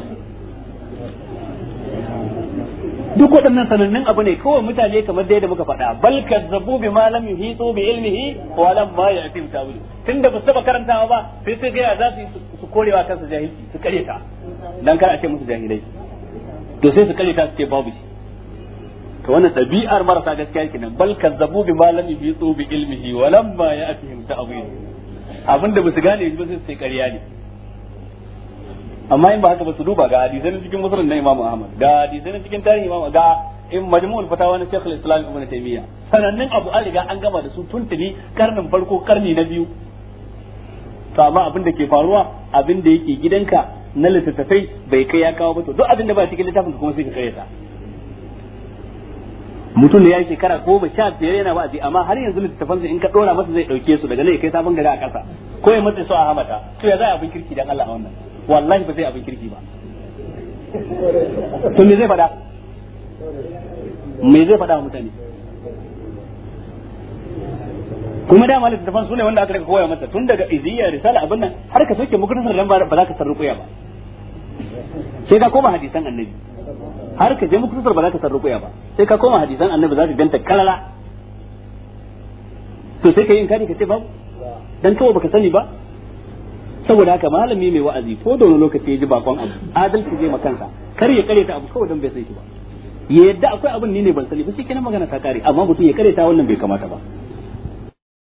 duk waɗannan sanannun abu ne kawai mutane kamar dai da muka faɗa bal kazzabu bi ma lam yuhitu bi ilmihi wa lam ma ya'tim tawilu tunda ba su taba karantawa ba sai sai ga za su su korewa kansu jahilci su kare ta dan kar a ce musu jahilai to sai su kare ta su ce babu shi to wannan tabi'ar marasa gaskiya kenan bal kazzabu bi ma lam yuhitu bi ilmihi wa lam ma ya'tim tawilu abinda ba su gane ba sai su ce ne amma in ba haka ba su duba ga hadisai na cikin musulun na Imam Ahmad ga hadisai na cikin tarihi imamu ga in majmu'ul fatawa na shekul islam Ibn taimiyya sanannun abu an riga an gama da su tuntuni karnin farko karni na biyu to amma abin da ke faruwa abin da yake gidanka na littattafai bai kai ya kawo ba to duk abin da ba cikin littafin kuma sai ka kare sa mutum ne ya shekara ba sha biyar yana wa'azi amma har yanzu littattafansa in ka dora masa zai dauke su daga nan ya kai sabon gari a kasa ko ya matsa su a hamata to ya za a bin kirki dan Allah a wannan wallahi ba zai abin kirki ba to me zai faɗa me zai faɗa wa mutane kuma dama littattafan su ne wanda aka daga koya masa tun daga iziya risala abin nan har ka soke muktasar dan ba za ka sarruƙuya ba sai ka koma hadisan annabi har ka je muktasar ba za ka sarruƙuya ba sai ka koma hadisan annabi za ka ganta kalala to sai ka yi inkari ka ce babu dan kawai baka sani ba saboda haka malami mai wa'azi ko da wani lokaci ya ji bakon abu adalci zai makansa kar ya kare ta abu kawai don bai san shi ba ya yadda akwai abin ni ne ban sani ba shi kenan magana ta kare amma mutum ya kare ta wannan bai kamata ba